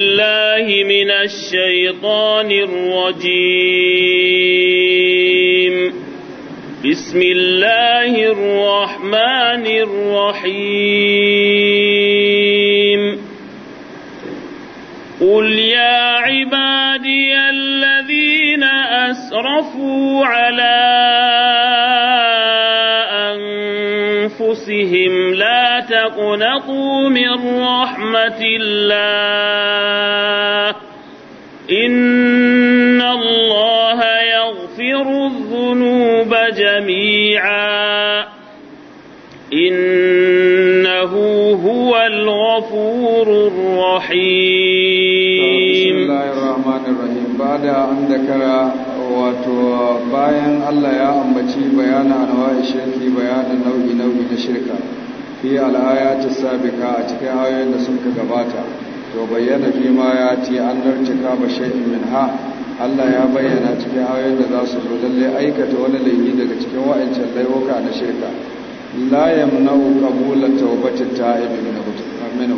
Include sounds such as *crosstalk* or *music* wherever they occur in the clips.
الله من الشيطان الرجيم بسم الله الرحمن الرحيم قل يا عبادي الذين أسرفوا على أنفسهم لا تقنطوا من رحمة الله إن الله يغفر الذنوب جميعا إنه هو الغفور الرحيم بسم الله الرحمن الرحيم بعد أن ذكر wato bayan Allah ya ambaci bayana anwa'i shirki bayanin nau'i nau'i na shirka fi al'ayati sabiqa a cikin ayoyin da suka gabata to bayyana fi ma ya ti an dartika ba shay'in minha Allah ya bayyana cikin ayoyin da za su zo lalle aikata wani laifi daga cikin wa'ancan laifuka na shirka la yamna'u qabula tawbati ta'ibi min ba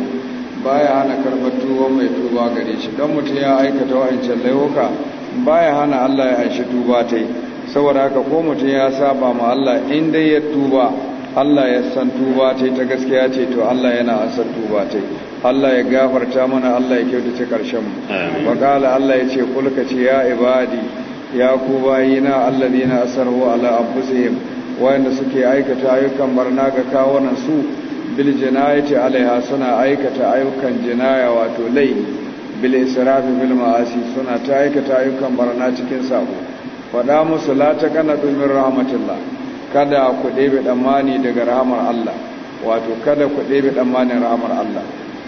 baya hana karbar tuwon mai tuba gare shi don mutum ya aikata wa'ancan laifuka baya hana Allah ya aishi tuba ta yi saboda haka ko mutum ya saba ma Allah in dai ya tuba Allah ya san tuba ta ta gaskiya ce to Allah yana a san tuba ta Allah ya gafarta mana Allah ya ta karshen mu wakala Allah ya ce kulka ce ya ibadi ya ku na alladina asarhu ala anfusihim wayanda suke aikata ayyukan barna ga kawunan su bil jinayati alaiha suna aikata ayyukan jinaya wato laifi bil israfi fil ma'asi suna ta aikata ayyukan barna cikin sabo faɗa musu la ta kana dumin rahmatillah kada ku ɗebe damani daga rahmar Allah wato kada ku ɗebe damanin rahmar Allah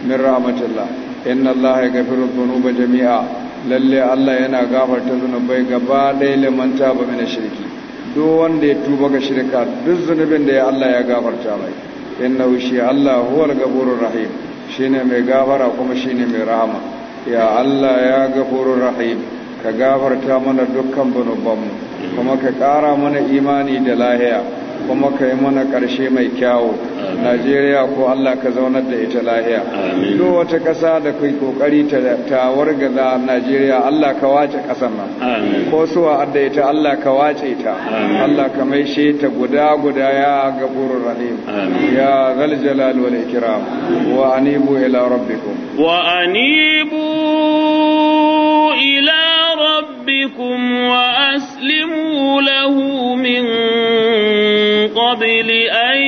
min rahmatillah inna Allah ya gafiru dhunuba jami'a lalle Allah yana gafarta zunubai gaba ɗaya manta ba mina shirki duk wanda ya tuba ga shirka duk zunubin da ya Allah ya gafarta mai inna shi Allah huwal gafurur rahim shine mai gafara kuma shine mai rahama ya Allah ya gafurur rahim ka gafarta mana dukkan mu kuma ka ƙara mana imani da lahiya kuma ka yi mana ƙarshe mai kyawo najeriya ko allah ka zaunar da ita lahiya duk wata ƙasa da kai ƙoƙari ta wargaza najeriya allah ka wace ƙasar nan ko suwa adda ita allah ka wace ta allah ka maishe ta guda guda ya gaburur rahim ya zal jalal wal ikram wa anibu ila rabbikum wa anibu ila ربكم وأسلموا له من قبل أن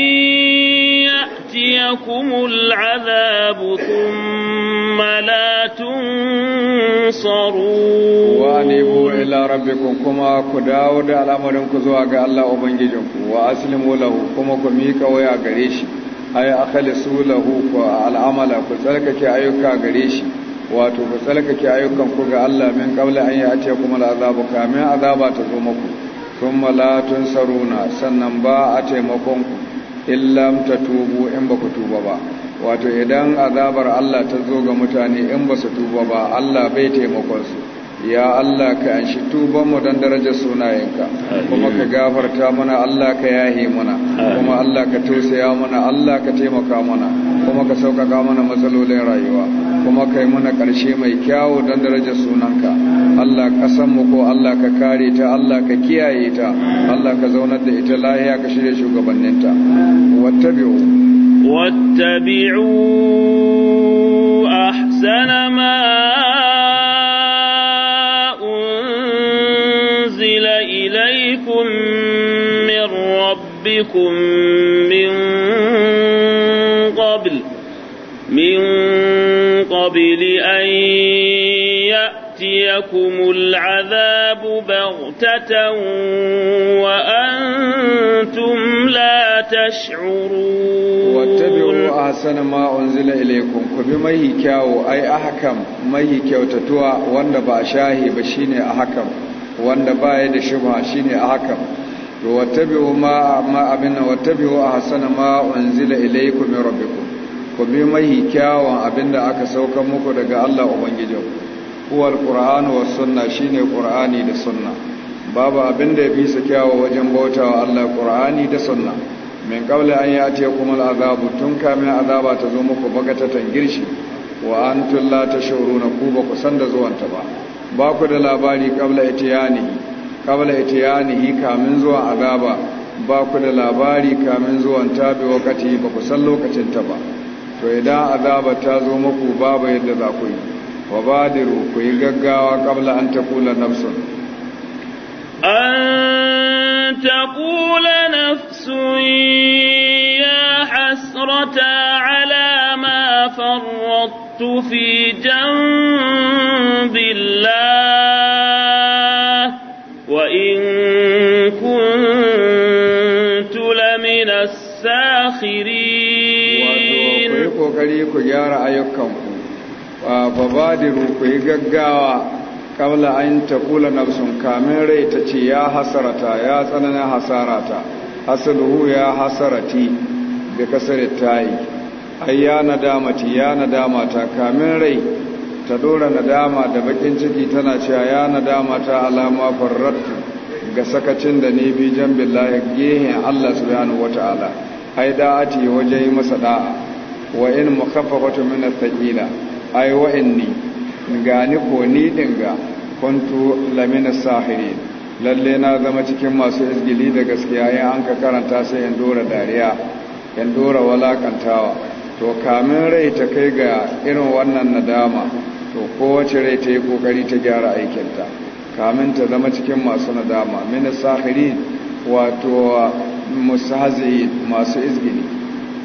يأتيكم العذاب ثم لا تنصرون وأنيبوا إلى ربكم كما كداود على مرنك زواج الله أبنجيكم وأسلموا له كما كميك ويا قريش أي أخلصوا له العمل كذلك أيك قريش wato ku tsalkake ayyukan ku ga Allah min qabla an ya'tiya kuma al'azabu kamin azaba ta zo muku thumma tun saruna sannan ba a taimakon ku illam tubu in ba ku tuba ba wato idan azabar Allah ta zo ga mutane in ba su tuba ba Allah bai taimakon su ya Allah ka shi tuban mu don darajar sunayenka kuma ka gafarta mana Allah ka yahe mana kuma Allah ka tausaya mana Allah ka taimaka mana kuma ka sauƙaƙa mana matsalolin rayuwa kuma kai mana ƙarshe mai kyawo don darajar sunanka Allah ƙasanmu ko Allah ka kare ta Allah ka kiyaye ta Allah ka zaunar da ita lahiya ka shirya shugabanninta wattabi'u wattabi'u ahsana ma unzila ilaykum min rabbikum min يأتيكم العذاب بغتة وأنتم لا تشعرون واتبعوا أحسن ما أنزل إليكم كبي مي كاو أي أحكم ما يكاو تتوى وانا بأشاهي بشيني أحكم وانا بايد شبه شيني أحكم واتبعوا ما ما أبنا واتبعوا أحسن ما أنزل إليكم من ربكم ku bi mahi kyawun abinda aka sauka muku daga Allah Ubangijinku huwa alqur'anu was sunna shine ƙur'ani da sunna babu abin da yafi su kyawu wajen bautawa Allah qur'ani da sunna min qabla an teku yakumul azabu tun kamin azaba ta zo muku bagatatan girshi wa ta la na ku ba ku san da zuwanta ba ba ku da labari qabla itiyani qabla kamin zuwa azaba ba ku da labari kamin zuwan ta wakati ba ku san lokacin ta ba to idan azaba ta zo muku babu yadda za ku yi وبادروا كيغاغاوا قبل أن تقول نفس أن تقول نفس يا حسرة على ما فرطت في جنب الله وإن كنت لمن الساخرين وأنت وقيقك يا رأيكم fa ku yi gaggawa kabla an na nafsun kamin rai ta ce ya hasarata ya tsananin hasarata hasaluhu ya hasarati da bi ta yi ai ya nadamati ya nadamata kamin rai ta dora nadama da bakin ciki tana cewa ya nadamata alama farrattu ga sakacin da ne bi jan billahi gehen Allah subhanahu wata'ala ai da'ati waje masa da'a wa in mukhaffafatu min athqila ai wa'anni gani ko ni dinga kuntu lamina sahiri lalle na zama cikin masu izgili da gaskiya ya an ka karanta sai in dora dariya in dora walakantawa to kamin rai ta kai ga irin wannan nadama to kowace rai ta yi kokari ta gyara aikinta kamin ta zama cikin masu nadama mini sahiri wato musahazi masu izgili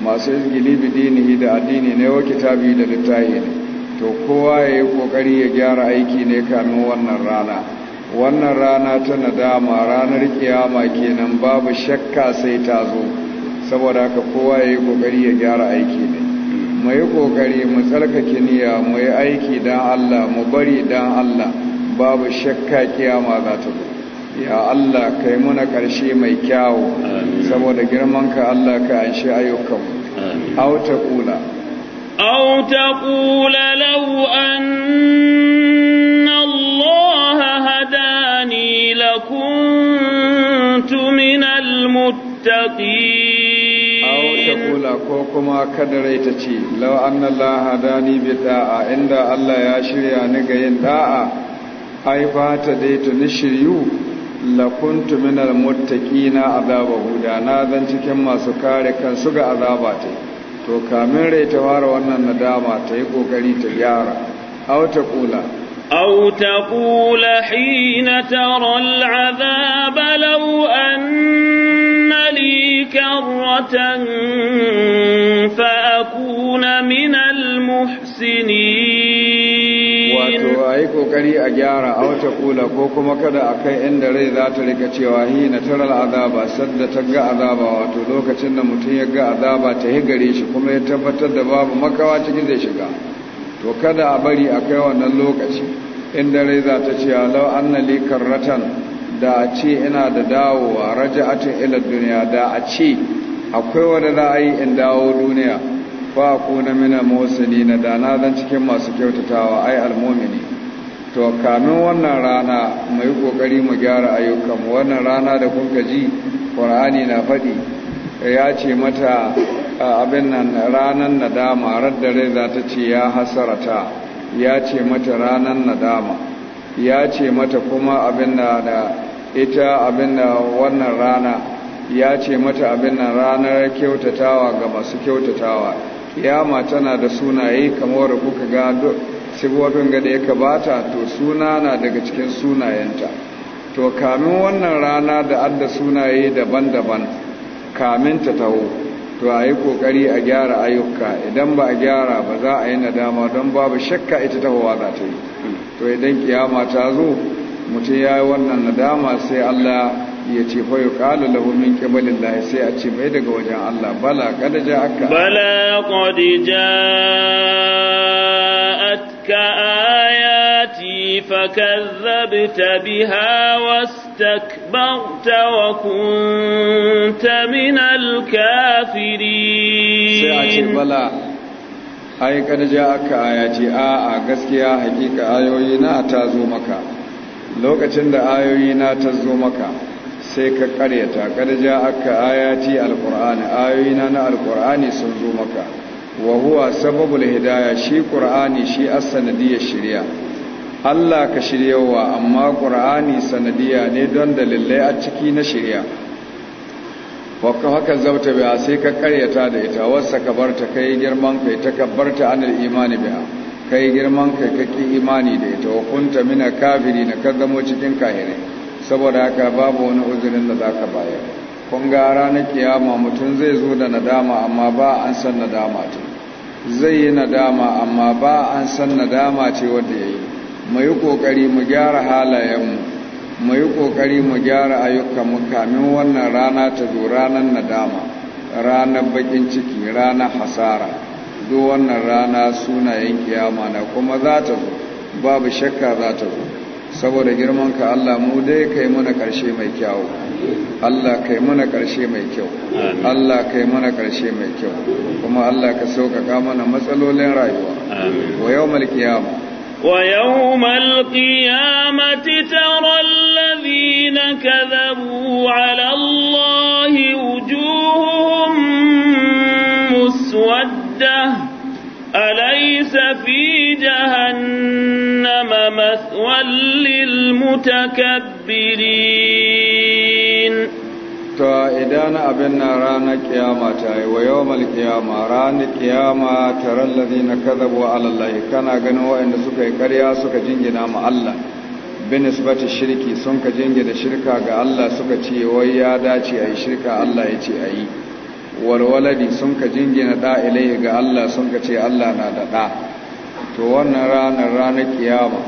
masu izgili bidini da addini ne wa kitabi da littahi ne to kowa ya yi ƙoƙari ya gyara aiki ne kamin wannan rana wannan rana ta nadama ranar kiyama kenan babu shakka sai ta zo saboda ka kowa ya yi ƙoƙari ya gyara aiki ne mu yi ƙoƙari mu tsarkake niyya mu yi aiki don Allah mu bari don Allah babu shakka kiyama za ta zo ya Allah kai muna karshe mai kyawo, saboda girmanka Allah ka anshi ayyukanmu auta kula أو تقول لو أن الله هداني لكنت من المتقين أو تقول أكوكما كدريتتي لو أن الله هداني بداء عند الله يشري نقين داء أي فات ديت نشريو lakuntu minal muttaqina azaba huda na zan cikin masu kare kansu ga azaba ta to kamin rai ta fara wannan nadama ta yi kokari ta gyara aw ta kula aw ta kula hina tara al'azab law anna li karratan fa akuna min al muhsinin wato a yi kokari a gyara a wata kula ko kuma kada a kai inda rai za ta rika cewa hi na tarar azaba sadda ta ga azaba wato lokacin da mutum ya ga azaba ta yi gare shi kuma ya tabbatar da babu makawa cikin zai shiga to kada a bari a kai wannan lokaci inda rai za ta cewa lau annali karratan da a ce ina da dawowa Raja raja'atin ila duniya da a ce akwai wanda za a yi in dawo duniya fa na min al-muhsinina da na zan cikin masu kyautatawa ai almomini, to kamin wannan rana mu yi kokari mu gyara ayyukan wannan rana da kun ji qur'ani na faɗi ya ce mata abin nan ranan nadama radda rai za ta ce ya hasarata ya ce mata ranan nadama ya ce mata kuma abin da ita abin da wannan rana ya ce mata abin nan ranar kyautatawa ga masu kyautatawa kiyama tana da sunaye kamar kuka ga sibobin ga da ya bata to suna na daga cikin sunayenta to kamin wannan rana da adda sunaye daban-daban kamin ta taho to a yi kokari a gyara ayyuka idan ba a gyara ba za a yi nadama don babu shakka ita tahowa za ta yi to idan kiyama ta zo mutum ya yi wannan nadama sai allah ya ce fa yuqalu lahu min qibalillahi sai a ce mai daga wajen Allah bala qad aka bala qad atka ayati fakazzabta biha wastakbarta wa kunta min al sai a ce bala ai aka ja'aka ayati a a gaskiya hakika ayoyi na ta zo maka lokacin da ayoyi na ta zo maka sai ka karyata karja aka ayati alqur'ani ayoyina na alqur'ani sun zo maka wa huwa sababul hidaya shi qur'ani shi as-sanadiyya shari'a Allah ka shiryawa amma ƙur'ani sanadiyya ne don dalilai a ciki na shirya. wakka haka zauta biya sai ka karyata da ita wasa ka barta kai girman kai ta kabbarta anil imani biya kai girman kai kake imani da ita wa kunta mina kafiri na ka cikin kahirai saboda haka babu wani uzurin da za ka bayar kun ga ranar kiyama mutum zai zo da nadama amma ba an san nadama ta zai yi nadama amma ba an san nadama ce wadda ya yi mu yi ƙoƙari mu gyara halayenmu mu yi ƙoƙari mu gyara ayyukanmu kamin wannan rana ta zo ranar nadama ranar bakin ciki ranar hasara duk wannan rana sunayen kiyama na kuma za ta zo babu shakka za ta zo saboda girman Allah mu dai kai mana karshe mai kyau Allah kai mana karshe mai kyau Allah kai mana karshe mai kyau kuma Allah ka sauƙaƙa mana matsalolin rayuwa wa yawmal qiyamah ويوم القيامة ترى الذين كذبوا على الله وجوههم مسودة أليس في جهنم مثوى للمتكبرين ta idan abin na ranar kiyama ta yi wa yawon kiyama ranar kiyama taron lazi na kazabo alallahi kana ganin waɗanda suka yi karya suka jingina ma Allah binis shirki sun ka jingina shirka ga Allah suka ce wai ya dace a yi shirka Allah ya ce a yi walwaladi sun ka jingina da ilai ga Allah sun ka ce Allah na da da to wannan ranar ranar kiyama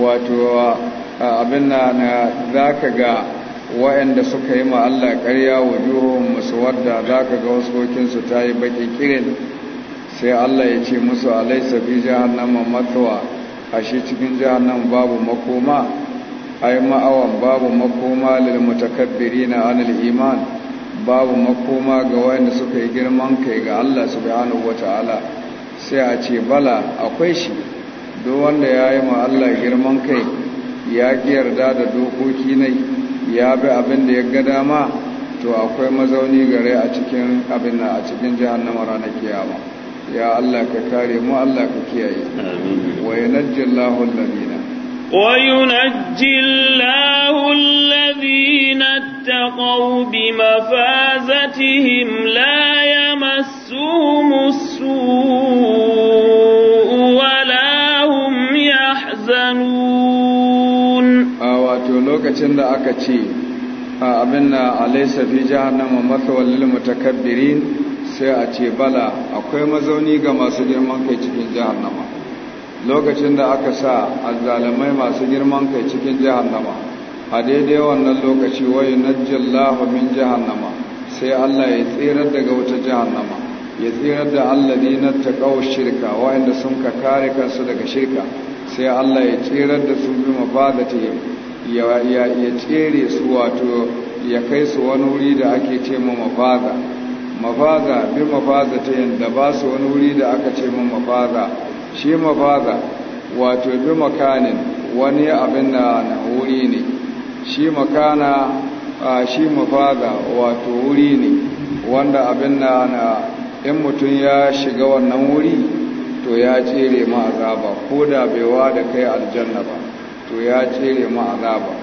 wato abin na za ka ga waɗanda suka yi ma Allah ƙarya wa juhun musu wadda za ka ga wasu ta yi baƙi kirin sai Allah ya ce musu alaisa fi jahannama matuwa shi cikin jahannan babu makoma ai ma'awan babu makoma lil mutakabbirina anil iman babu makoma ga wanda suka yi girman kai ga Allah subhanahu Ta'ala, sai a ce bala akwai shi duk wanda ya yi ma Allah girman kai ya yarda da dokoki ne ya bi abin da ya ga dama to akwai mazauni gare a cikin abin a cikin jahannama ranar kiyama ya Allah ka kare mu Allah ka kiyaye wa yanajjallahu alladina وينجي ƙaubi الذين اتقوا بمفازتهم لا يمسهم السوء ولا هم يحزنون واتو لوكacin da aka ce abin a alaysa fi jahannama mathwal ta mutakabbirin sai a ce bala akwai mazauni ga masu girman kai cikin jahannama lokacin da aka sa azzalamai masu girman kai cikin jahannama a daidai wannan lokaci wai najjallahu min jahannama sai Allah ya tsira daga wata jahannama ya tsira da alladina taqaw shirka wayanda sun ka kare kansu daga shirka sai Allah ya tsira da su bi mafadatihim ya ya ya tsere su wato ya kai su wani wuri da ake ce ma mafaza mafaza bi mafadatihim da ba su wani wuri da aka ce ma mafaza shi mafaza wato bi makanin wani abin da na wuri ne shi makana shi mafaza wato wuri ne wanda abin da na in mutum ya shiga wannan wuri to ya cire ma azaba ko da baiwa da kai aljanna ba to ya cire ma azaba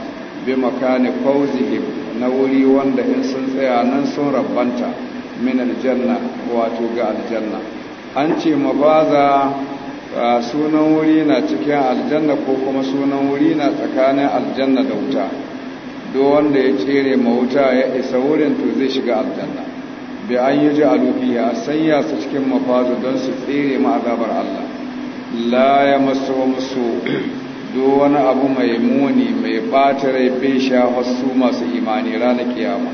bi makani fawzihim na wuri wanda in sun tsaya nan sun rabbanta min aljanna wato ga aljanna an ce mafaza sunan wuri na cikin aljanna ko kuma sunan wuri na tsakanin aljanna da wuta do wanda ya tsere ma wuta ya isa wurin to zai shiga aljanna bai an yi ji ya sanya su cikin mafazu don su tsere ma azabar Allah la ya maso musu do wani abu mai muni mai bata rai bai sha wasu masu imani ranar kiyama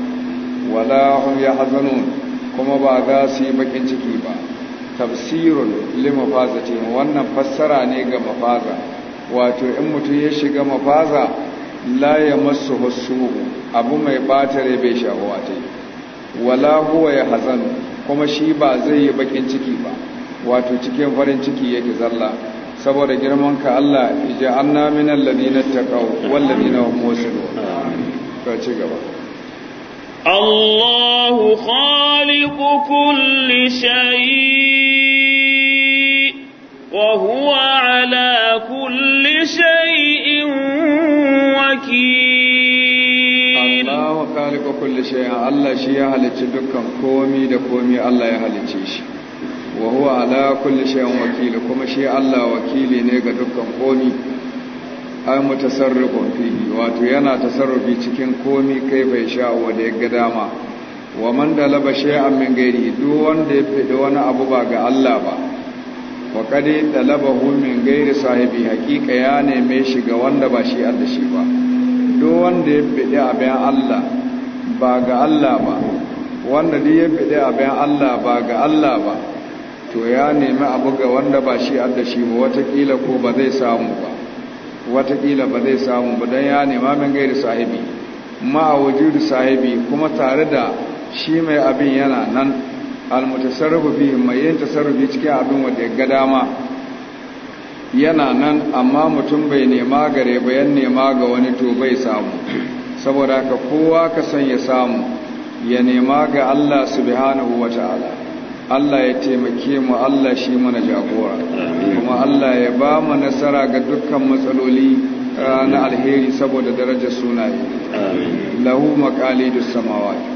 wala hum ya hazanun kuma ba za su yi bakin ciki ba tafsirun ce wannan fassara ne ga mafaza wato in mutum ya shiga mafaza laya ya masu hussu abu mai batare bai shahuwa ta wala huwa ya hazanu kuma shi ba zai yi bakin ciki ba wato cikin farin ciki yake zalla saboda girman ka Allah ija anna minal ladina taqaw wal ladina hum ka ci gaba الله خالق كل شيء وهو على كل شيء وكيل الله خالق كل شيء الله شيء halicci dukkan komi da komi ala ya halicce shi wa huwa ala kulli shay'in wakil kuma shi Allah wakili ne ga dukkan komi ai mutasarrifun fihi wato yana tasarrufi cikin komi kai bai sha wanda ya ga dama wa man dalaba shay'an min gairi duk wanda ya fidi wani abu ba ga Allah ba wa qad dalabahu min gairi sahibi haqiqa ya neme shi ga wanda ba shi Allah shi ba duk wanda ya fidi abin Allah ba ga Allah ba wanda duk ya fidi abin Allah ba ga Allah ba to ya nemi abu ga wanda ba shi Allah shi ba watakila ko ba zai samu ba Wataƙila ba zai samu ba don ya nema min gairi sahibi ma a wujudu sahibi kuma tare da shi mai abin yana nan almutasarrufu fi mai yin tasarrufi cikin abin wadda ya ga dama yana nan amma mutum bai nema gare bayan nema ga wani to bai samu saboda ka kowa ka son ya samu ya nema ga Allah subhanahu wa ta'ala Allah ya taimake mu Allah shi mana jagora kuma Allah ya ba mu nasara ga dukkan matsaloli ah, na alheri saboda darajar sunaye lahu maqalidus samawati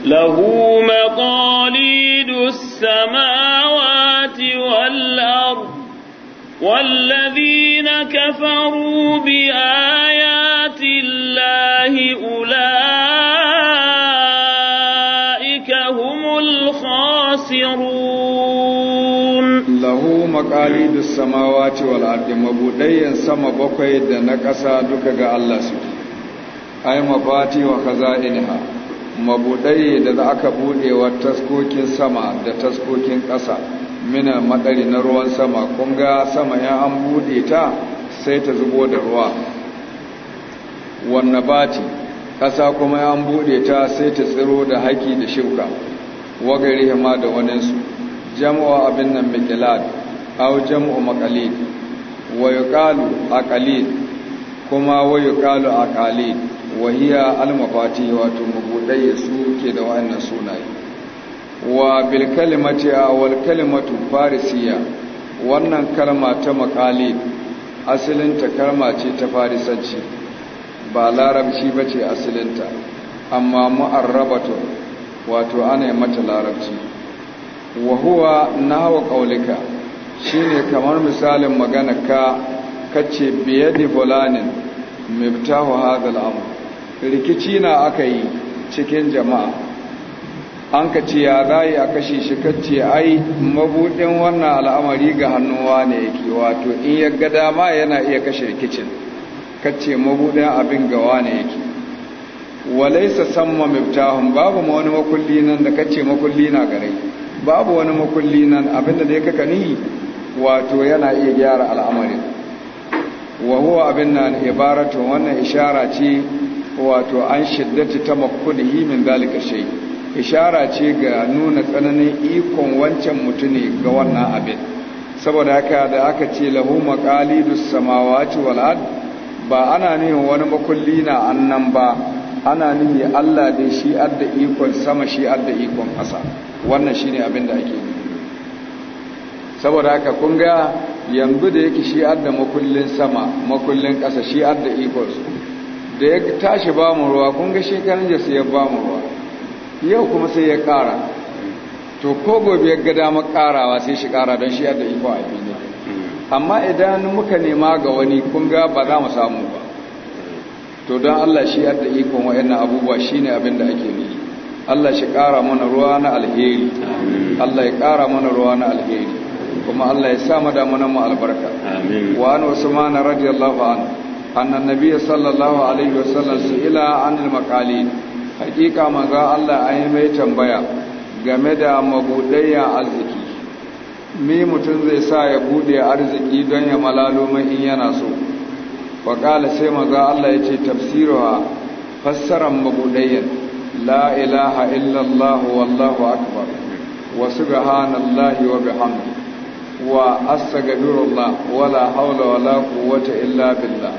له مقاليد السماوات والأرض والذين كفروا بآيات الله أولئك kali da samawa wal ardi mabudayen sama bakwai da na ƙasa duka ga Allah su ai mafati wa khaza'inha mabudaye da za aka bude wa taskokin sama da taskokin ƙasa mina madari na ruwan sama kun ga sama ya an bude ta sai ta zubo da ruwa wannan bati ƙasa kuma ya an buɗe ta sai ta tsiro da haki da shuka wagarihima ma da waninsu jama'a abin nan mikilad aw jam'u maqalid wa yuqalu aqalid kuma wa yuqalu aqalid wa hiya al mafati wato mabudai su ke da wannan sunaye wa bil kalimati wal kalimatu farisiya wannan kalma ta maqalid asalin ta kalma ce ta farisanci ba larabci bace asalinta amma mu'arrabatu wato ana yi mata larabci wa huwa nahwa qaulika Shi ne kamar misalin magana ka kace biyadi fulanin miftahu hadal amr rikici na aka yi cikin jama'a an ka ce ya zai a kashe shi kace ai mabudin wannan al'amari ga hannuwa ne yake wato in ya ga dama yana iya kashe rikicin kace mabudin abin gawa ne yake walaisa samma miftahun babu ma wani makulli nan da kace makulli na gare babu wani makulli nan abinda da ya kaka ni wato yana iya gyara al'amarin wa huwa abin nan ibaratu wannan ishara ce wato an shiddati tamakkudihi min dalika shay ishara ce ga nuna tsananin ikon wancan mutune ga wannan abin saboda haka da aka ce lahu maqalidus samawati wal ard ba ana nihin wani makulli na annan ba ana ne Allah da shi adda ikon sama shi adda ikon ƙasa wannan shine abin da ake yi saboda haka kun ga yanzu da yake shi adda makullin sama makullin ƙasa shi adda ikos da ya tashi ba mu ruwa kun ga shekarun jasu ya ba mu ruwa yau kuma sai ya ƙara to ko gobe ya ga damar ƙarawa sai shi ƙara don shi adda iko a fili amma idan muka nema ga wani kun ga ba za mu samu ba to don allah shi adda ikon wa'annan abubuwa shine abin da ake nufi Allah shi ƙara mana ruwa na alheri Allah ya ƙara mana ruwa na alheri kuma Allah ya sa mu da mu albarka amin wa an usman radiyallahu an anna nabiyyi sallallahu alaihi wasallam su'ila anil maqalid hakika manzo Allah ayi mai tambaya game da magudayya arziki me mutum zai sa ya bude arziki don ya malalo mai in yana so wa qala sai maza Allah yace tafsiruha fassaran magudayyan la ilaha illallah wallahu akbar wa subhanallahi wa bihamdihi wa astaghfirullah wala hawla wala quwwata illa billah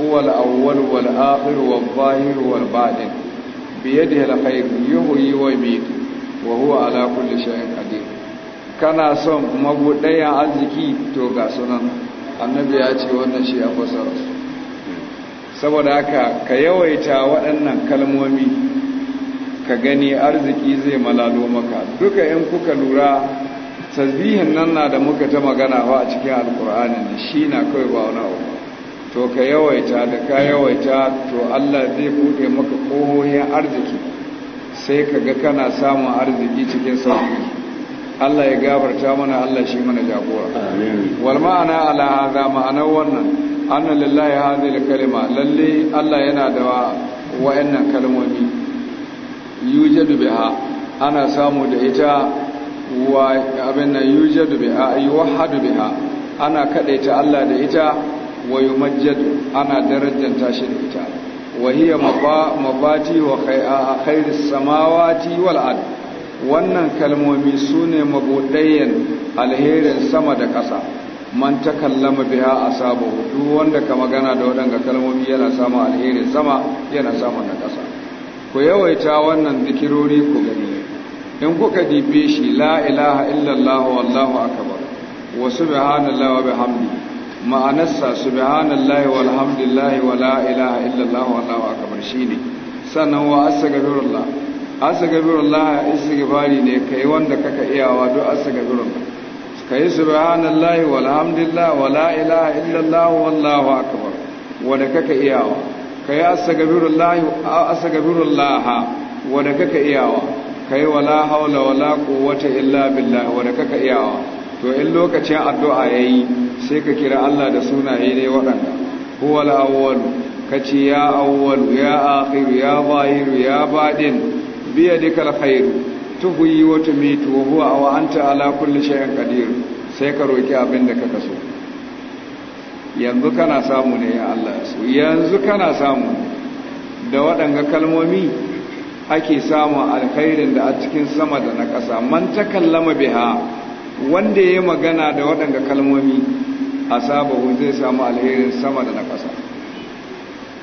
huwa al-awwal wal akhir wal zahir wal batin bi yadihi al khair yuhyi wa yumiitu wa huwa ala kulli shay'in qadir kana son magudaya arziki to ga sunan annabi ya ce wannan shi ya fasara saboda haka ka yawaita waɗannan kalmomi ka gani arziki zai malalo maka duka in kuka lura tasbihin nan na da muka ta magana wa a cikin alkur'ani shi na kawai ba wani abu to ka yawaita da ka yawaita to Allah zai bude maka kohoyin arziki sai ka ga kana samun arziki cikin sauki Allah ya gafarta mana Allah shi mana jagora wal ma'ana ala hadha ma'anar wannan anna lillahi hadhihi kalima lalle Allah yana da wa'annan kalmomi yujadu biha ana samu da ita wa abin nan yujadu biha yuwahhadu biha ana kadaita Allah da ita wa yumajjadu ana darajanta shi da ita wa hiya mabati wa khairis samawati wal ard wannan kalmomi sune mabuɗayan alherin sama da ƙasa man takallama biha asabu duk wanda ka magana da waɗanga kalmomi yana samu alherin sama yana samu na kasa ku yawaita wannan zikirori ku gani in kuka dibe shi la ilaha illallah wallahu akbar wa subhanallahi wa bihamdi ma'anarsa subhanallahi walhamdulillahi wa la ilaha illallah wallahu akbar shine sannan wa astaghfirullah astaghfirullah istighfari ne kai wanda kaka iyawa duk astaghfirullah kai subhanallahi walhamdulillah wa la ilaha illallah wallahu akbar wanda kaka iyawa kai astaghfirullah astaghfirullah wanda kaka iyawa kai wala haula wala quwwata illa billah wanda kaka iyawa to in lokacin addu'a yayi sai ka kira Allah da sunaye ne wadanda huwal awwal kace ya awwal ya akhir ya zahir ya badin yadikal khair tuhyi wa tumitu wa huwa wa anta ala kulli shay'in qadir sai ka roki abin da kaka so yanzu kana samu ne ya Allah yanzu kana samu da waɗanga kalmomi ake samun alkhairin da a cikin sama da na ƙasa man ta kallama biha wanda ya magana da waɗanda kalmomi a sabahu zai samu alherin sama da na ƙasa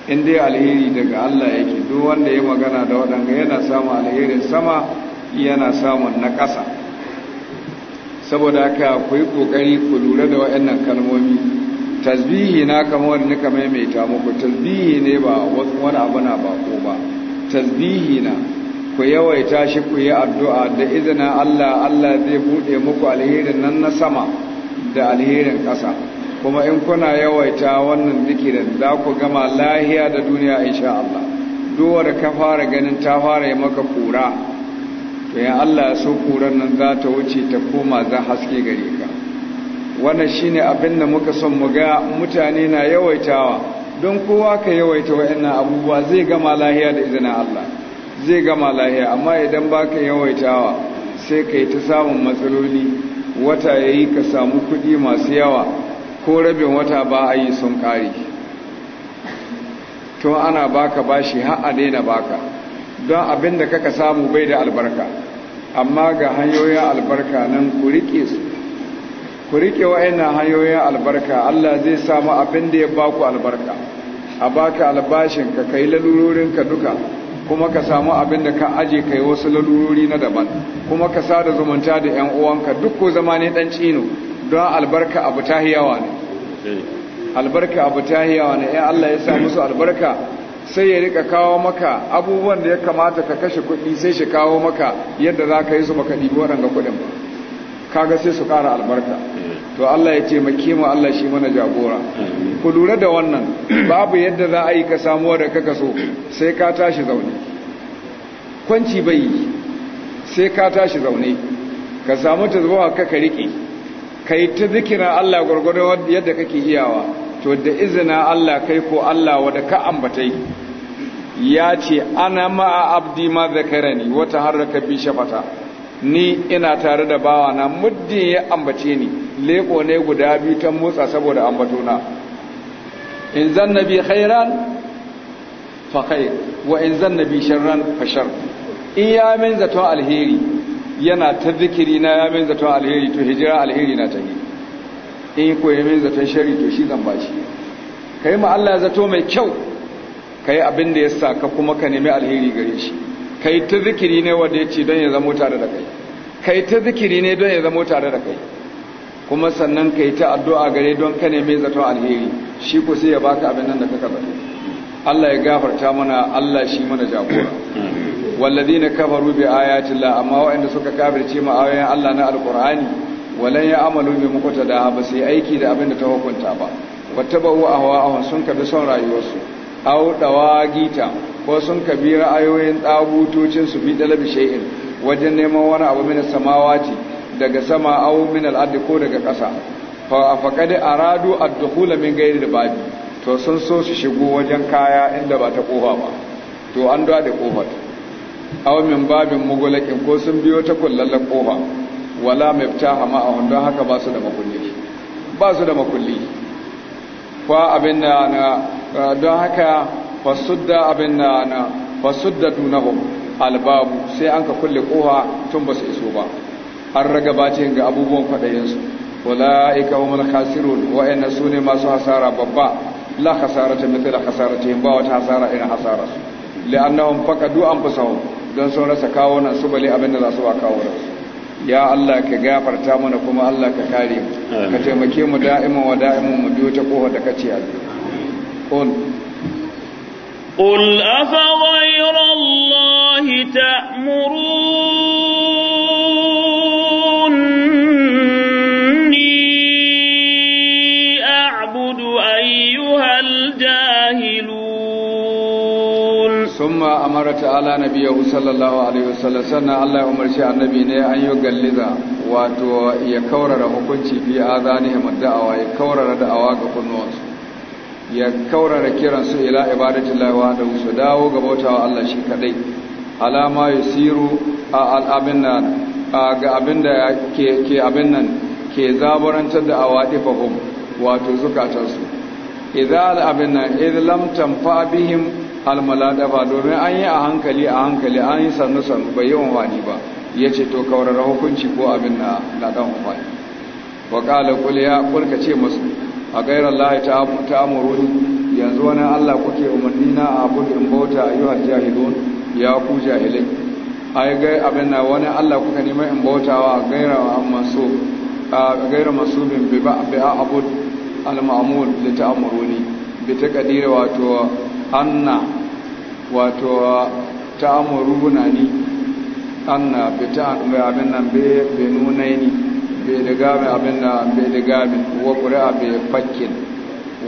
in dai alheri daga Allah yake duk wanda ya magana da waɗanda yana samun alherin sama yana samun na ƙasa saboda haka ku yi ƙoƙari ku lura da waɗannan kalmomi tasbihi na kamar nika maimaita muku tasbihi ne ba wani abu na bako ba tasbihi na ku yawaita shi ku yi addu'a da izinin Allah Allah zai buɗe muku alherin nan na sama da alherin ƙasa kuma in kuna yawaita wannan zikirin za ku gama lahiya da duniya insha Allah duwar ka fara ganin ta fara yi maka kura to ya Allah so kuran nan za ta wuce ta koma za haske gare ka wannan shine abin da muka son mu ga mutane na yawaitawa don kowa ka yawaita wa'annan abubuwa zai gama lahiya da izinin Allah zai gama lahiya amma idan ba ka yawaitawa sai ka yi ta samun matsaloli wata ya yi ka samu kuɗi masu yawa ko rabin wata ba a yi sun kari. to ana baka bashi har a daina baka don abin da kaka samu bai da albarka amma ga hanyoyin albarka nan ku riƙe su ku rike wa'annan hanyoyin albarka Allah zai samu abin da ya baku albarka a baka albashin ka kai lalurorin ka duka kuma ka samu abin da ka aje kai wasu lalurori na daban kuma ka da zumunta da 'yan uwanka duk ko zama ne dan cino don albarka abu tahiyawa ne albarka abu tahiyawa ne in Allah ya sa musu albarka sai ya rika kawo maka abubuwan da ya kamata ka kashe kuɗi sai shi kawo maka yadda za ka yi su maka ɗibi waɗanda kuɗin kaga sai su kara albarka to Allah ya ce make mu Allah shi mana jagora ku lura da wannan *clears throat* babu yadda za a yi ka samuwa da kaka so sai ka tashi zaune kwanci bai yi sai ka tashi zaune ka samu ta zuwa ka ka riƙe ka ta zikira Allah gwargwado yadda kake iyawa to da izina Allah kai ko Allah wadda ka ambatai ya ce ana ma'a abdi ma zakarani wata harraka bi shafata ni ina tare da bawa na muddin ya ambace ni leko ne guda biyu ta motsa saboda ambato na in zanna bi khairan fa khair wa in zanna bi sharran fa shar in ya min zato alheri yana ta zikiri na ya min zato alheri to hijira alheri na ta yi in ko ya min zato shari to shi zan bashi kai ma Allah zato mai kyau kai abin da ya saka kuma ka nemi alheri gare shi kai ta zikiri ne wanda ya ce don ya zamo tare da kai kai ta zikiri ne don ya zamo tare da kai kuma sannan kai ta addu'a gare don ka neme zaton alheri shi ko sai ya baka abin nan da kaka bari Allah ya gafarta mana Allah shi mana jagora walladina kafaru bi ayati Allah amma waɗanda suka kafirce ma ayoyin Allah na alqur'ani walan ya'malu bi muqtada ba sai aiki da abin da ta hukunta ba wattabau ahwa ahun sun kabi son rayuwarsu aw dawagita ko sun kabi ra'ayoyin tsabutocin su fi dalabi shay'in wajen neman wani abu min samawati daga sama aw min al ard ko daga ƙasa fa faqad aradu ad-dukhula min ghairi babi to sun so su shigo wajen kaya inda ba ta kofa ba to an da da kofa aw min babin mugulakin ko sun biyo ta kullallan kofa wala miftaha a wanda haka ba su da makulli ba su da makulli kwa abin da na don haka fasudda abin na na fasudda dunahum albabu sai an ka kulle koha tun ba su iso ba an raga bacin ga abubuwan kwaɗayensu wala'ika umar khasirun wa'annan su ne masu hasara babba la hasarata la hasara ta yin ba wata hasara irin hasara su du faqadu anfusahum don sun rasa kawo nan su bale abin da za su ba kawo su ya Allah ka gafarta mana kuma Allah ka kare mu ka taimake mu da'iman wa da'iman mu biyo ta kohar da kace a kun قل أفغير الله تأمروني أعبد أيها الجاهلون ثم أمر تعالى نبيه صلى الله عليه وسلم سنة الله أمر شاء النبي أن يقلد واتو يكورر حكمتي في آذانهم الدعوة يكورر دعوة قنوانسو ya kaurara kiransu ila ibadatin wa da su dawo ga bautawa Allah shi kadai alama siru a al'abin nan ga abin da ke abin nan ke zaburantar da awatifahum wato zukatarsu. idza al'abin nan idh lam tanfa bihim ba domin an yi a hankali a hankali an yi sannu sannu bai yi wani ba yace to kaurara hukunci ko abin na na dan wani wa qala qul ya qul ce musu a gairar lahi ta amuruni yanzu wani allah kuke umarni na abu in bauta ayyuhal jahilun ya ku jahilai yi gai abin na wani allah kuka nima in bautawa a gairar masu bin bi a abu al-ma'amul da ta amuruni bi ta kadira wato anna wato ta amuruna ni anna bi ta abin nan bi nunai ni bai diga mai abin da bai diga min wa ƙuri'a bai fakkin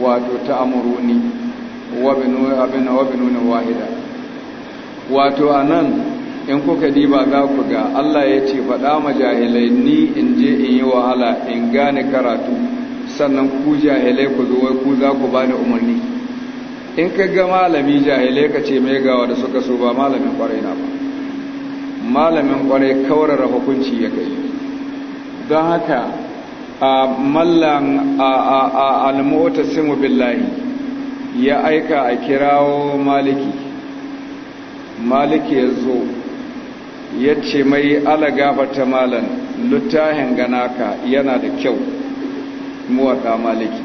wato ta amuruni wa binu abin wahida wato a nan in kuka diba za ku ga Allah ya ce faɗa ma jahilai ni in je in yi wahala in gane karatu sannan ku jahilai ku zo ku za ku bani umarni in ka ga malami jahilai ka ce mai gawa da suka so ba malamin kwarai na ba malamin kwarai kaurara hukunci ya kai don haka mallan al simu billahi ya aika a kirawo maliki maliki ya zo ya ce mai ala ta malan littafin ganaka yana da kyau muwaɗa maliki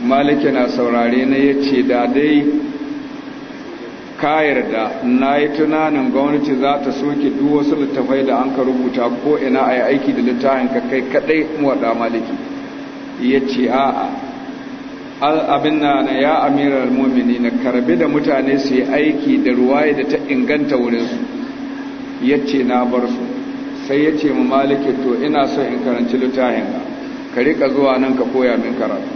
maliki na saurare na ya ce da dai ka yarda na yi tunanin gwamnati za ta soke duk wasu littafai da an ka rubuta ko ina a yi aiki da littafin ka kai kadai muwaɗa maliki ya ce a'a abin na na ya amirar mumini na karbi da mutane su yi aiki da ruwaye da ta inganta wurinsu ya ce na bar su sai ya ce ma maliki to ina so in karanci littafin ka ka rika zuwa nan ka koya min karatu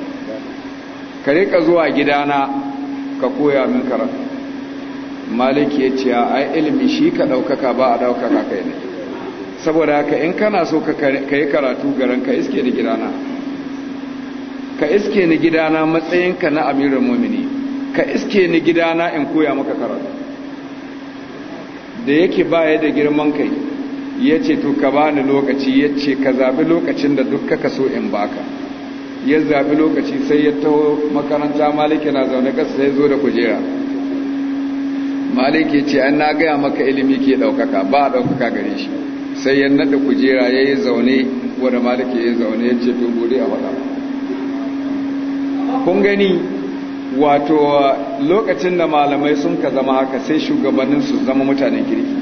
ka rika zuwa gidana ka koya min karatu maliki ya ce ai ilimi shi ka ɗaukaka ba a ɗaukaka kai ne saboda haka in kana so ka yi karatu garin ka iske ni gidana ka iske ni gidana matsayinka na amirin mumini ka iske ni gidana in koya maka karatu da yake baya da girman kai ya ce to ka bani lokaci ya ce ka zaɓi lokacin da duk ka so in baka ya zaɓi lokaci sai ya taho makaranta maliki na zaune ƙasa sai zo da kujera malik ya ce an na gaya maka ilimi ke ɗaukaka ba a ɗaukaka gare shi sai ya naɗa kujera ya yi zaune wadda malik ya yi zaune ya ce to gode a faɗa kun gani wato lokacin da malamai sun ka zama haka sai shugabannin su zama mutanen kirki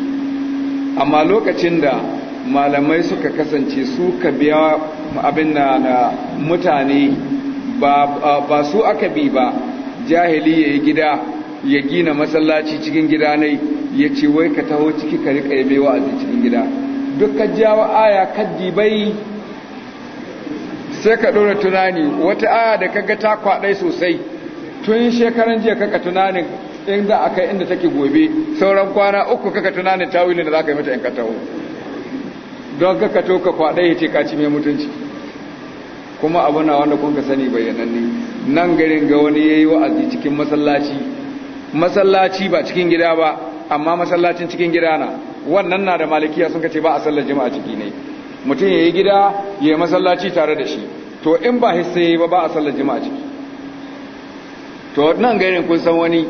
amma lokacin da malamai suka kasance su ka biya abin na mutane ba su aka bi ba jahili ya yi gida ya gina masallaci cikin gida ne ya ce wai ka taho ciki ka riƙa yabe wa'azi cikin gida duk ka wa aya kaddi bai sai ka ɗora tunani wata aya da kaga ta kwaɗai sosai tun shekaran jiya kaka tunanin inda kai inda take gobe sauran kwana uku kaka tunanin tawilin da za ka yi mata in ka taho don kaka to ka kwaɗai ya ce ka ci mai mutunci kuma abu na wanda kun ka sani bayyananne nan garin ga wani ya yi wa'azi cikin masallaci masallaci ba cikin gida ba amma masallacin cikin gida na wannan na da malikiya sun kace ba a sallar jima'a ciki ne mutum yayi gida yayi masallaci tare da shi to in ba hisse yayi ba ba a sallar jima'a ciki to nan gairin kun san wani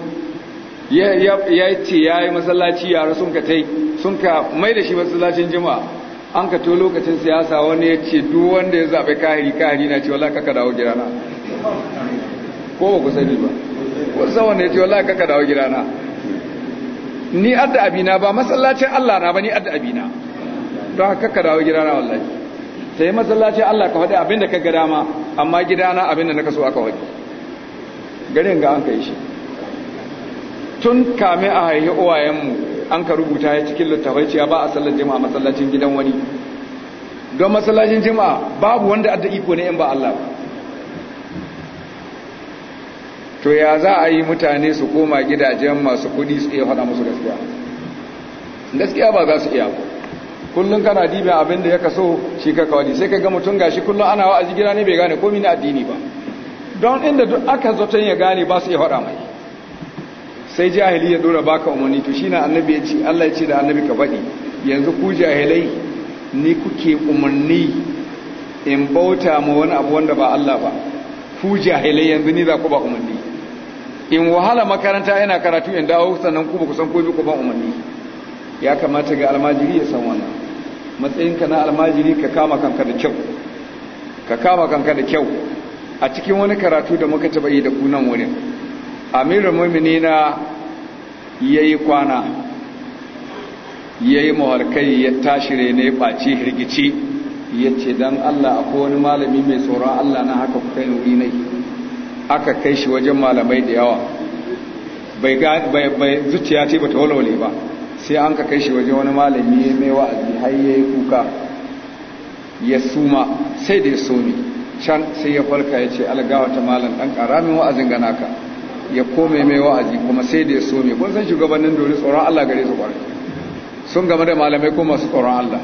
ya ce ya yi masallaci yara sun ka tai sun ka mai da shi masallacin jima'a an ka to lokacin siyasa wani ya ce duk wanda ya zaɓe kahiri kahiri na ce wala kaka dawo gida na? ko ba ku sani ba kun san wanda ya ce wallahi kaka dawo gidana ni adda abina ba masallacin Allah na ba ni adda abina don haka ka dawo gidana wallahi sai masallacin Allah ka faɗi abinda ka ga dama amma gidana abinda na kaso aka wani garin ga an kai shi tun kame a haihi uwayenmu an ka rubuta ya cikin littafai cewa ba a sallar a masallacin gidan wani don masallacin jima'a babu wanda adda iko ne in ba Allah ba to ya za a yi mutane su koma gidajen masu kudi su iya faɗa musu gaskiya gaskiya ba za su iya kullum kana dibin abin da ya kaso shi ka kawai sai ka ga mutum gashi kullum ana wa'azi gida ne bai gane komi na addini ba don inda duk aka zaton ya gane ba su iya faɗa mai sai jahili ya dora baka umarni to na annabi ya ce Allah ya ce da annabi ka faɗi yanzu ku jahilai ni kuke umarni in bauta ma wani abu wanda ba Allah ba ku jahilai yanzu ni za ku ba umarni in wahala makaranta yana karatu in dawo sannan ku ba ku san umarni ya kamata ga almajiri ya san wannan matsayinka na almajiri ka kama kanka da kyau ka kama kanka da kyau a cikin wani karatu da muka taba yi da kunan mummini amirul ya yi kwana ya yi mawarkai ya tashi ne ya baci ya ce dan Allah akwai wani malami mai tsoron Allah na haka kuka yi wuri nai aka kai shi wajen malamai da yawa bai zuciya ce bata walwale ba sai an ka kai shi wajen wani malami mai wa'azi har yi kuka ya suma sai da ya somi can sai ya farka ya ce algawa ta malam ɗan ƙaramin wa'azin gana ka ya kome mai wa'azi kuma sai da ya somi kun san shugabannin dole tsoron Allah gare su kwarai sun game da malamai ko masu tsoron Allah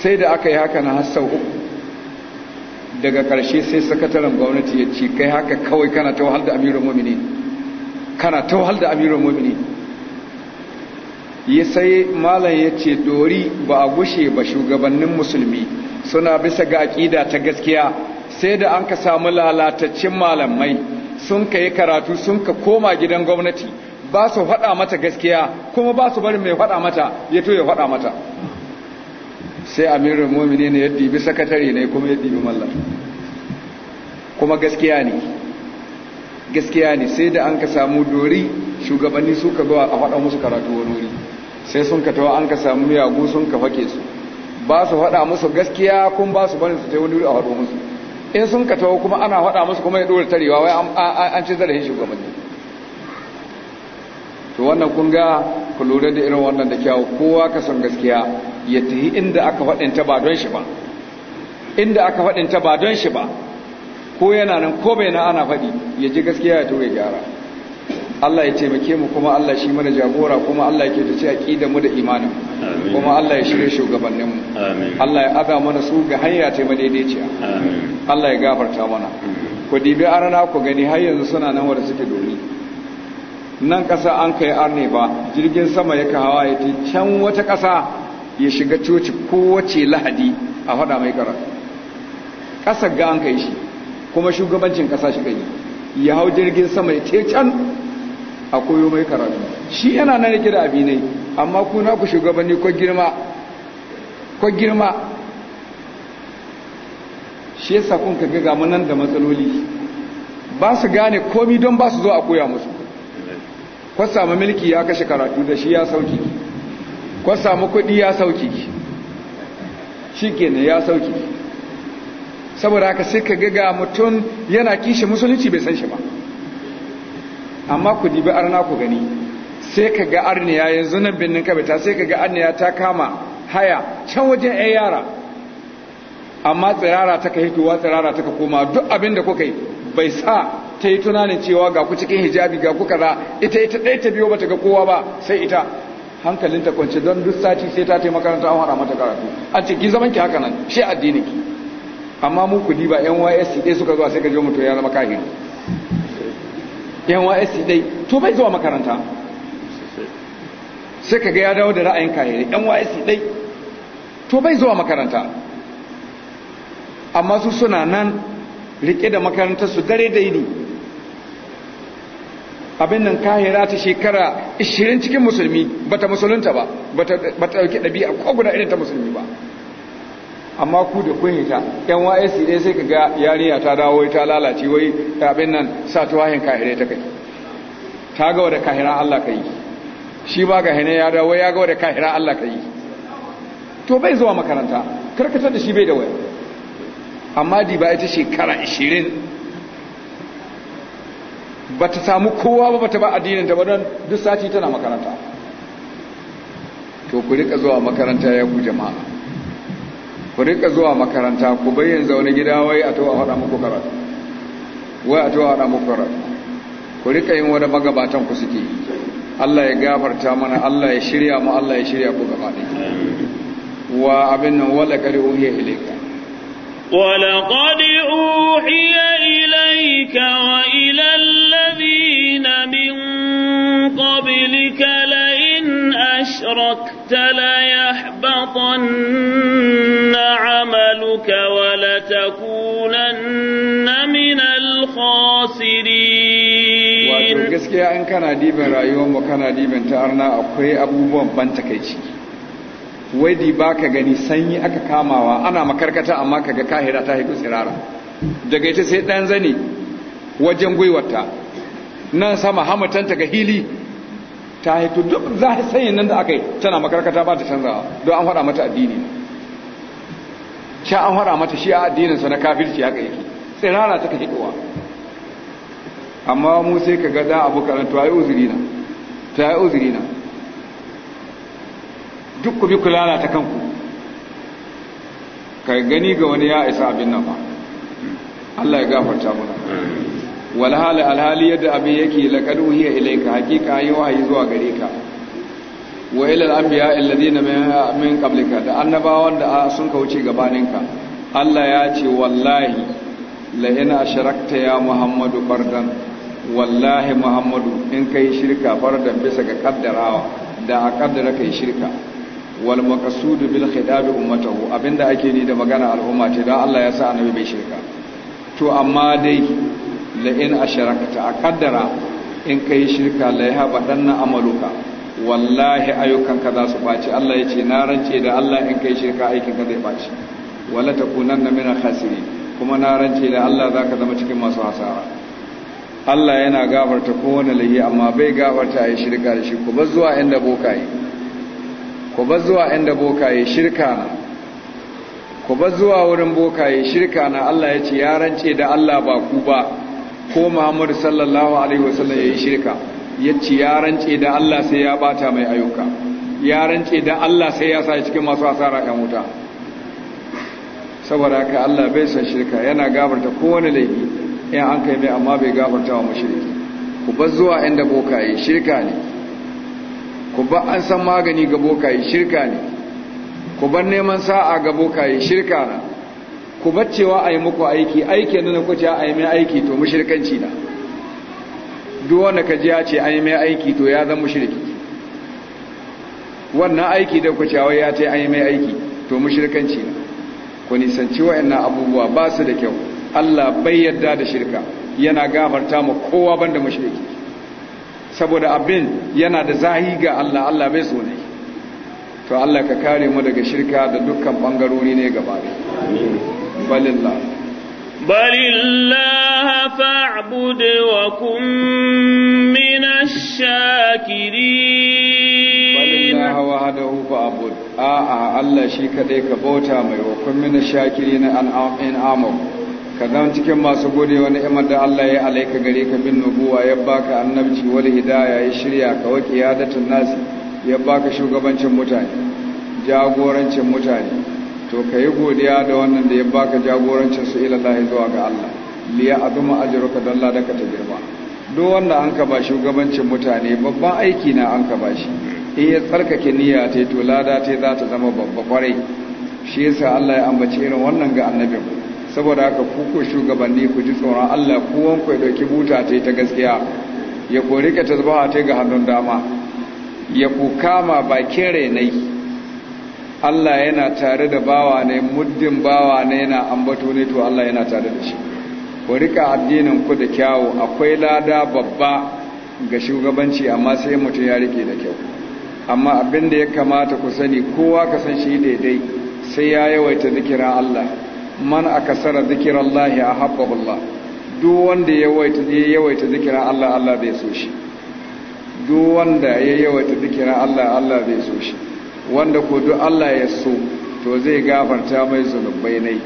sai da aka yi haka na hassau. uku daga ƙarshe sai sakataren gwamnati ya ce kai haka kawai kana ta da amirin mu'minin kana ta da amirin mu'minin ya sai malam ya ce dori ba a gushe ba shugabannin musulmi suna bisa ga aƙida ta gaskiya sai da an ka samu lalataccen malamai sun ka yi karatu sun ka koma gidan gwamnati ba su faɗa mata gaskiya kuma ba su bari mai faɗa mata ya to ya faɗa mata sai mummini ne ya dibi sakatare ne kuma ya dibi mallam kuma gaskiya ne gaskiya ne sai da an ka samu dori shugabanni ka ga a faɗa musu karatu wa wuri sai sun ka tawa an ka samu miyagu sun ka fake su ba su faɗa musu gaskiya kun ba su bane su ta wani wuri a faɗo musu in sun ka tawa kuma ana faɗa musu kuma ya ɗora tarewa wai an ce zarafin shugabanni to wannan kun ga ku lura da irin wannan da kyawu kowa ka son gaskiya ya tafi inda aka faɗinta ba don shi ba inda aka faɗinta ba don shi ba ko yana nan ko bai na ana faɗi ya ji gaskiya ya to ya gyara Allah ya taimake mu kuma Allah shi mana jagora kuma Allah ya kyautace aqida mu da imanin kuma Allah ya shirye shugabannin mu Allah ya aza mana su ga hanya ta madaidaiciya Allah ya gafarta mana ku dibi arana ku gani har yanzu suna nan wanda suke doni nan ƙasa an kai arne ba jirgin sama ya kawo ya ce can wata kasa ya shiga coci kowace lahadi a fada mai karatu ƙasar ga an kai shi kuma shugabancin ƙasa shi gani ya hau jirgin sama ya ce can a koyo mai karatu shi yana nan rike da abinai amma kuna ku shugabanni ko girma ko girma shi yasa kun ka ga nan da matsaloli ba su gane komi don ba su zo a koya musu kwasa mamilki ya kashe karatu da shi ya sauki kwa samu kuɗi ya sauki shi kenan ya sauki saboda haka sai ka ga mutum yana kishi musulunci bai san shi ba amma ku dibi arna ku gani sai ka ga arniya yanzu nan birnin kabita sai ka ga arniya ta kama haya can wajen ya yara amma tsirara ta ka hitowa tsirara ta ka koma duk abin da kuka yi bai sa ta yi tunanin cewa ga ku cikin hijabi ga kuka kaza ita ita ɗaya ta biyo bata ga kowa ba sai ita Hankalin ta kwance don duk sati sai ta taimaka makaranta an hada mata karatu A ce ki zaman ki haka nan shi addini ki amma mu kudi ba NYSC dai suka zuwa sai ka je mutum ya zama kahiri NYSC dai to bai zuwa makaranta sai ka ga ya dawo da ra'ayin kahiri NYSC dai to bai zuwa makaranta amma su suna nan rike da makarantar su dare da yini abin nan kahira ta shekara 20 cikin musulmi bata musulunta ba bata dauki dabi'a ko guda irin ta musulmi ba amma ku da kun hita yan YSC dai sai kaga yarinya ta dawo ta lalace wai abin nan sa tuwahin kahira ta kai ta ga wada kahira Allah kai shi ba ga hene ya dawo ya ga wada kahira Allah kai to bai zuwa makaranta karkatar da shi bai da waya amma di ba ita shekara 20 ba ta samu kowa ba ta ba addinin ta ba don duk sati tana makaranta to ku rika zuwa makaranta ya ku jama'a ku rika zuwa makaranta ku bayyana zaune gida wai a towa hada muku karatu wai a towa hada muku karatu ku rika yin wani magabatan ku suke Allah ya gafarta mana Allah ya shirya mu Allah ya shirya ku gaba ɗaya wa abin nan wala kari uhiya ilaika ولقد أوحي إليك وإلى الذين من قبلك لئن أشركت ليحبطن عملك ولتكونن من الخاسرين wato gaskiya in kana dibin rayuwar mu kana dibin ta arna akwai abubuwan ban takeici wadi ba ka gani sanyi aka kamawa ana makarkata amma kaga kahira ta haiku tsirara daga ita sai ɗan zane wajen gwiwarta nan sama hamatanta ga hili ta haiku duk za a sanyi nan da aka yi tana makarkata ba ta canzawa don an faɗa mata addini sha an faɗa mata shi a addininsa na kafirci aka yi tsirara ta haihuwa amma mu sai ka ga za a bukarantu a yi ta yi uzurina duk ku bi ku lalata kanku ka gani ga wani ya isa abin nan Allah ya gafarta mana al alhali yadda abin yake laqad uhiya ilayka hakika yi wahayi zuwa gare ka wa ila al-anbiya alladhina min qablika da annabawan da sun kauce gabaninka Allah ya ce wallahi la ina ya muhammadu bardan wallahi muhammadu in kai shirka bardan bisa ga kaddarawa da a kaddara kai shirka wal maqsud bil khidab ummatahu abinda ake ni da magana al'umma ce dan Allah ya sa annabi bai shirka to amma dai la in asharakta aqaddara in kai shirka la ya badanna amaluka wallahi ayyukanka za su baci Allah ya ce na rance da Allah in kai shirka aikin ka zai baci wala takunanna min khasirin kuma na rance da Allah zaka zama cikin masu hasara Allah yana gafarta kowane lahi amma bai gafarta ayi shirka da shi ku bar zuwa inda bokaye ku bar zuwa inda bokaye shirka na ku bar zuwa wurin bokaye shirka na Allah ya ce ya rance da Allah ba ku ba ko Muhammadu sallallahu alaihi wasallam yayi shirka ya ce ya rance da Allah sai ya bata mai ayyuka ya rance da Allah sai ya sa cikin masu asara kan wuta saboda haka Allah bai san shirka yana gafarta kowane laifi in an kai mai amma bai gafarta wa mushriki ku bar zuwa inda bokaye shirka ne ku ba an san magani ga bokaye shirka ne ku bar neman sa'a ga bokaye shirka na ku bar cewa a yi muku aiki aiki nuna ku ce a yi mai aiki to mashirkanci na duk wanda ka ji ya ce a yi mai aiki to ya zan mashirki wannan aiki da ku cewa ya ce a yi mai aiki to mashirkanci na ku nisanci wa'annan abubuwa ba su da kyau Allah bai yadda da shirka yana gafarta ma kowa banda mushriki saboda abin yana da zahi ga Allah Allah bai so ne to Allah ka kare mu daga shirka da dukkan bangarori ne gaba da balilla balilla fa'bud wa kum ash shakirin balillah wahdahu fa'bud a'a Allah shi kadai ka bauta mai wa kum ash shakirin an amahu ka zan cikin masu gode wani iman da Allah ya alaika gare ka bin nubuwa ya baka annabci wal hidaya ya shirya ka ya qiyadatun nasi, ya baka shugabancin mutane jagorancin mutane to ka yi godiya da wannan da ya baka jagorancin su ila lahi zuwa ga Allah liya azuma ajruka dalla da ka ta girma Do wanda an ka ba shugabancin mutane babban aiki na an ka ba shi in ya tsarkake niyya ta yi to lada ta za ta zama babba kwarai shi yasa Allah ya ambaci irin wannan ga annabin saboda haka ku shugabanni ku ji tsoron Allah kowan ku ya dauki buta ta ta gaskiya ya kori ka tasbaha ta ga hannun dama ya ku kama bakin renai Allah yana tare da bawa ne muddin bawa ne yana ambato ne to Allah yana tare da shi ku addinin ku da kyawu akwai lada babba ga shugabanci amma sai mutum ya rike da kyau amma abin da ya kamata ku sani kowa ka san shi daidai sai ya yawaita zikira Allah man aka sara ahabbahu Allah duk wanda ya yawaita zikirar zikira Allah Allah bai so shi duk wanda ya yawaita zikira Allah Allah bai so shi wanda ko duk Allah ya so to zai gafarta mai zunubai nai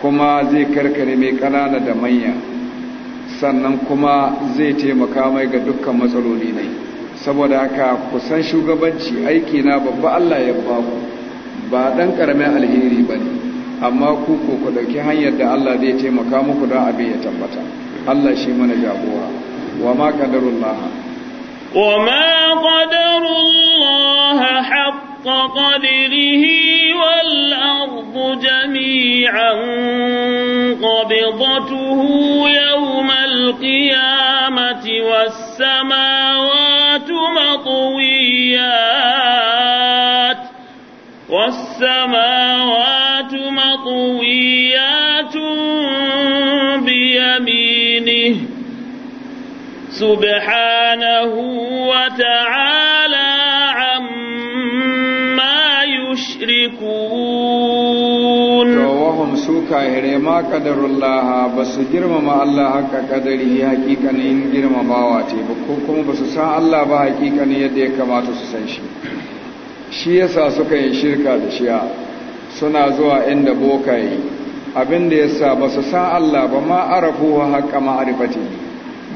kuma zai karkare mai kanana da manya sannan kuma zai taimaka mai ga dukkan matsaloli ne saboda haka kusan shugabanci aiki na babba Allah ya ba ku ba dan karamin alheri bane amma ku ko ku dauki hanyar da Allah zai taimaka muku don abin ya tabbata Allah shi mana jagora wa ma qadarullah wa ma qadarullah haqqa qadrihi wal ardu jami'an qabdatuhu yawmal qiyamati was samawati matwiyat was samawati سبحانه وتعالى عما يشركون وهم سوكا هرما قدر الله بس جرم ما الله حق قدره حقيقة إن جرم باواتي بكوكم بس سا الله با حقيقة يدي كما تسسنشي shi yasa suka yi shirka da shiya suna zuwa inda bokaye abinda yasa ba su san Allah ba ma arafu haƙa ma'arifati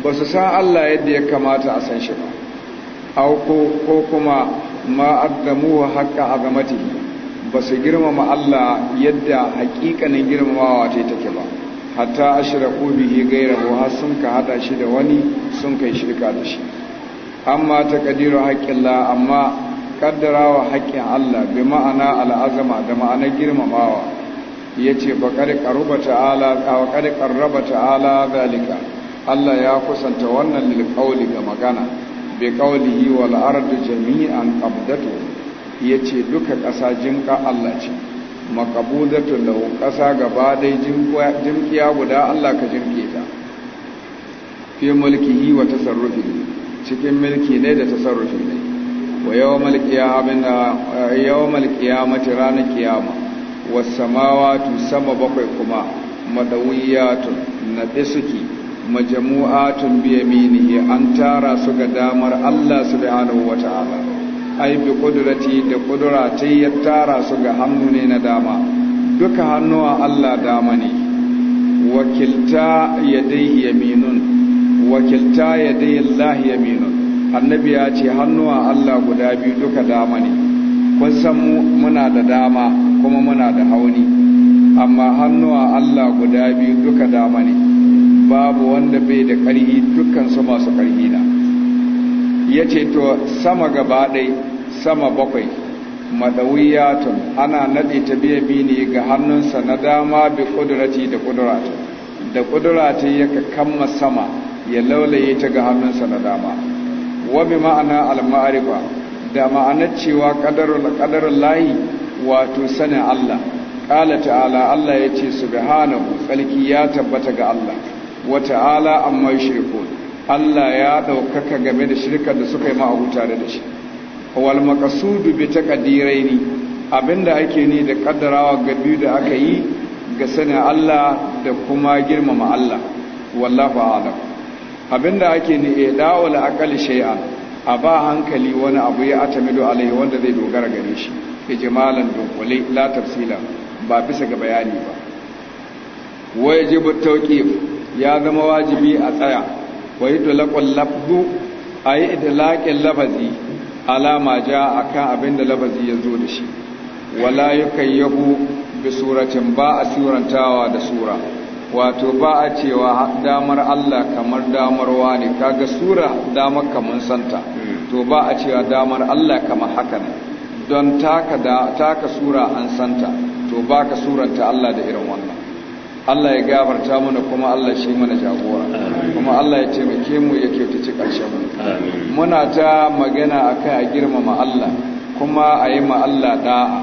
ba su san Allah yadda ya kamata a san shi ba auko ko kuma ma'addamu wa haƙƙa azamati ba su girmama Allah yadda haƙiƙanin girmamawa ta take ba hatta ashraku bihi ghayrahu har sun ka hada shi da wani sun kai shirka da shi amma haƙƙin la amma ƙaddarawa haƙƙin Allah bi ma'ana al'azama da ma'anar girmamawa ya ce ba ƙarƙar raba ta'ala zalika Allah ya kusanta wannan lilƙauli ga magana bai yi wa la'arar jami'an ya ce duka ƙasa jinka Allah ce makabudatun da ƙasa gaba dai jinkiya guda Allah ka jinke ta fi yi wa tasarrufi cikin mulki ne da tasarrufi ne wa yawmal qiyamah yawmal mati ranar wasu samawa tu sama bakwai kuma madawiyatun nade suke majamu'atun bi yaminihi an tara su ga damar Allah subhanahu wata'ala ai bi kudurati da qudrati ya tara su ga hannu ne na dama duka hannuwa Allah dama ne wakilta yadayhi yaminun wakilta yadayi Allah yaminun annabi ya ce hannuwa Allah guda biyu duka dama ne kun san muna da dama kuma muna da hauni amma hannuwa Allah guda biyu duka dama ne babu wanda bai da ƙarhi dukansu masu ƙarhi na ya ce to sama gaba ɗai sama bakwai maɗawiyatun ana naɗe ta biya ne ga hannunsa na dama bi ƙudurati da ƙudurati da ƙudurati ya kama sama ya laulaye ta ga hannunsa na dama wabi ma'ana al-ma'arifa da ma'anar cewa ƙadar layi wato sanin Allah ƙala ta'ala Allah ya ce su subhanahu tsarki ya tabbata ga Allah wa ta'ala amma shirku Allah ya ɗaukaka game da shirkar da suka yi ma abu tare da shi wal makasudu bi ni abinda ake ni da kaddarawa ga biyu da aka yi ga sanin Allah da kuma girmama Allah wallahu a'lam abinda ake ni ida'ul eh, aqal shay'an a ba hankali wani abu ya atamidu alai wanda zai dogara gare shi ijmalan dunkule la tafsila ba bisa ga bayani ba wajibu tawqif ya zama wajibi a tsaya wa yi tulakon lafzu a yi idalakin lafazi alama ja a kan abin da lafazi ya zo da shi wala yi yabo bi suratin ba a surantawa da sura wato ba a cewa damar Allah kamar damarwa ne kaga sura damar kamar santa to ba a cewa damar Allah kamar haka ne don taka sura an santa to ba ka suranta Allah da irin wannan Allah ya gafarta mana kuma Allah shi mana jagora kuma Allah ya taimake mu ya kyautace ƙarshen mu muna ta magana akai a girmama Allah kuma a yi ma Allah da'a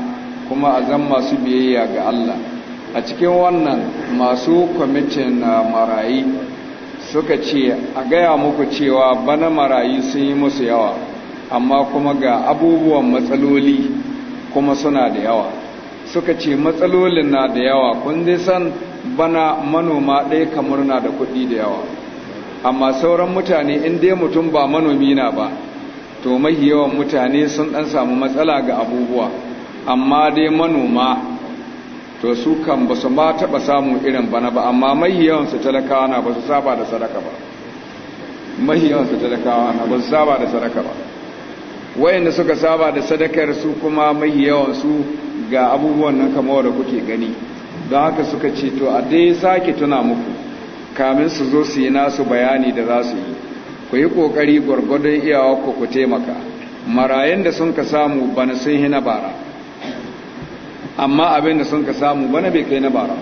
kuma a zan masu biyayya ga Allah a cikin wannan masu kwamitin ah, marayi suka ce a gaya muku cewa bana marayi sun yi musu yawa amma kuma ga abubuwan matsaloli kuma suna da yawa suka ce matsalolin na da yawa kun zai san bana manoma ɗaya ka murna da kuɗi da yawa amma sauran mutane in dai mutum ba manomi na ba to mahi yawan mutane sun ɗan samu matsala ga abubuwa amma dai manoma to su kan ba su ma taɓa samun irin bana ba amma mahi yawansu talakawa na ba su saba da sadaka ba mahi yawansu talakawa na ba su saba da sadaka ba wayanda suka saba da sadakar su kuma mahi yawansu ga abubuwan nan kamar da kuke gani da haka suka ce to a dai sake tuna muku kamin su zo su yi nasu bayani da za su yi ku yi ƙoƙari gwargwadon iyawa ku ku taimaka marayen da sun ka samu bana sun na bara amma abin da sun ka samu bana bai kai na bara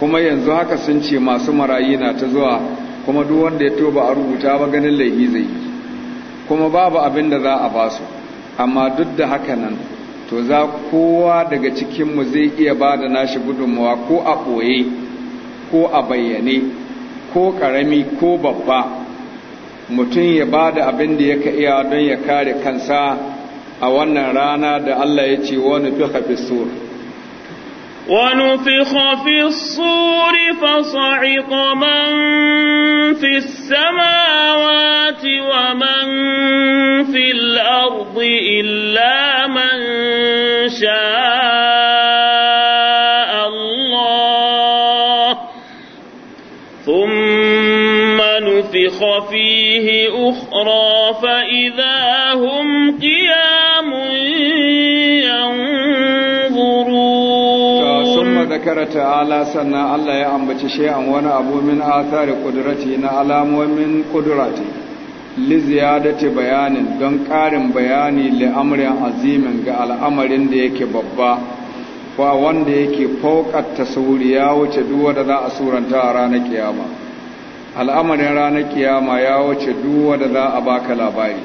kuma yanzu haka sun ce masu marayi na ta zuwa kuma duk wanda ya toba a rubuta ba ganin laifi zai yi kuma babu abin da za a basu amma duk da haka nan to za kowa daga cikinmu zai iya ba da nashi gudunmawa ko a ɓoye ko a bayyane ko ƙarami ko babba mutum ya ba da abin da yaka iya don ya kare kansa a wannan rana da Allah ya ce wani fi hafi sura ونفخ في الصور فصعق من في السماوات ومن في الأرض إلا من شاء الله ثم نفخ فيه أخرى فإذا هم قيام karanta ta'ala sannan Allah ya ambaci shay'an wani abu min athari qudrati na alamomin qudrati li ziyadati bayanin don ƙarin bayani li amrin azimin ga al'amarin da yake babba wa wanda yake fauƙar tasawuri ya wuce duk wanda za a suranta a ranar kiyama al'amarin ranar kiyama ya wuce duk wanda za a baka labari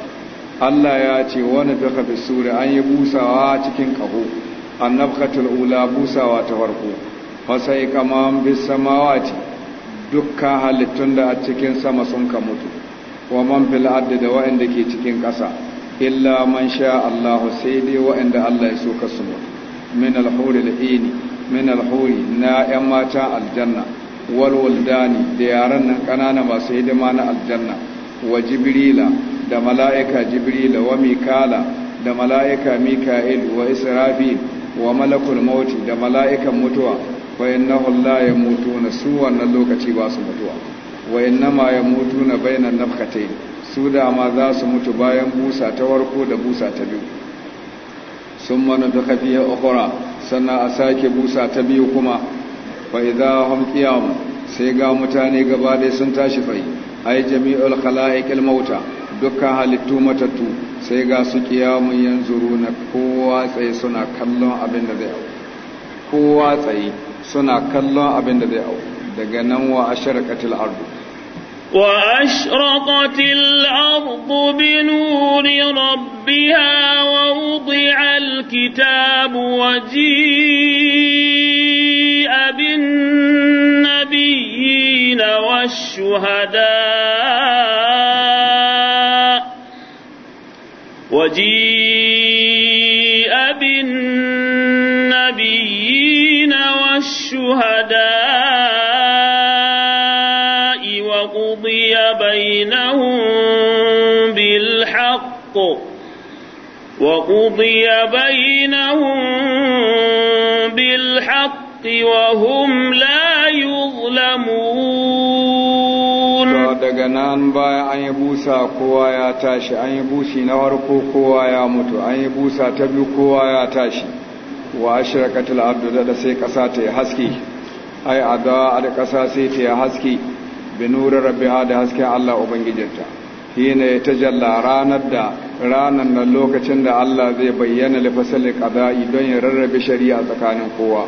Allah ya ce wani fi sura an yi busawa cikin kaho annabkatul ula busawa ta farko fasai kaman bis samawati dukkan halittun da a cikin sama sun ka mutu wa man fil ardi da wa'anda ke cikin ƙasa illa man sha Allah sai dai wa'anda Allah ya so ka su mutu min al-huri al-ini min al na 'yan mata aljanna wal wuldani da yaren nan kanana masu hidima na aljanna wa jibrila da mala'ika jibrila wa mikala da mala'ika mika'il wa israfil wa malakul mauti da mala'ikan mutuwa fa innahum la yamutuna su wannan lokaci ba su mutuwa wa na yamutuna bainan nafkhatayn su da ma za su mutu bayan busa ta warko da busa ta biyu sun manu da kafiya ukura sannan a sake busa ta biyu kuma fa idza hum qiyam sai ga mutane gaba da sun tashi fai ai jami'ul khala'iqil mauta dukkan halittu matattu sai ga su mun yanzu na kowa tsaye suna kallon abin da zai kowa tsaye suna kallon abin da zai auku daga nan wa asharaqatil ardu wa ashraqatil ardu bi nuri rabbiha wa wudi'a alkitabu wa ji'a bin nabiyyin wa shuhada wa ji'a bin nabiyyin الشهداء وقضي بينهم بالحق وقضي بينهم بالحق وهم لا يظلمون دغنان با اي بوسا كو يا تاشي اي بوسي نوار كو يا موتو اي بوسا تبي كو يا تاشي wa ashraqatul ardu da sai kasa ta haske ai ada al kasa sai ta haske bi nuri rabbiha da haske Allah ubangijinta hina tajalla ranar da ranan nan lokacin da Allah zai bayyana lifasalin qada'i don ya rarrabe shari'a tsakanin kowa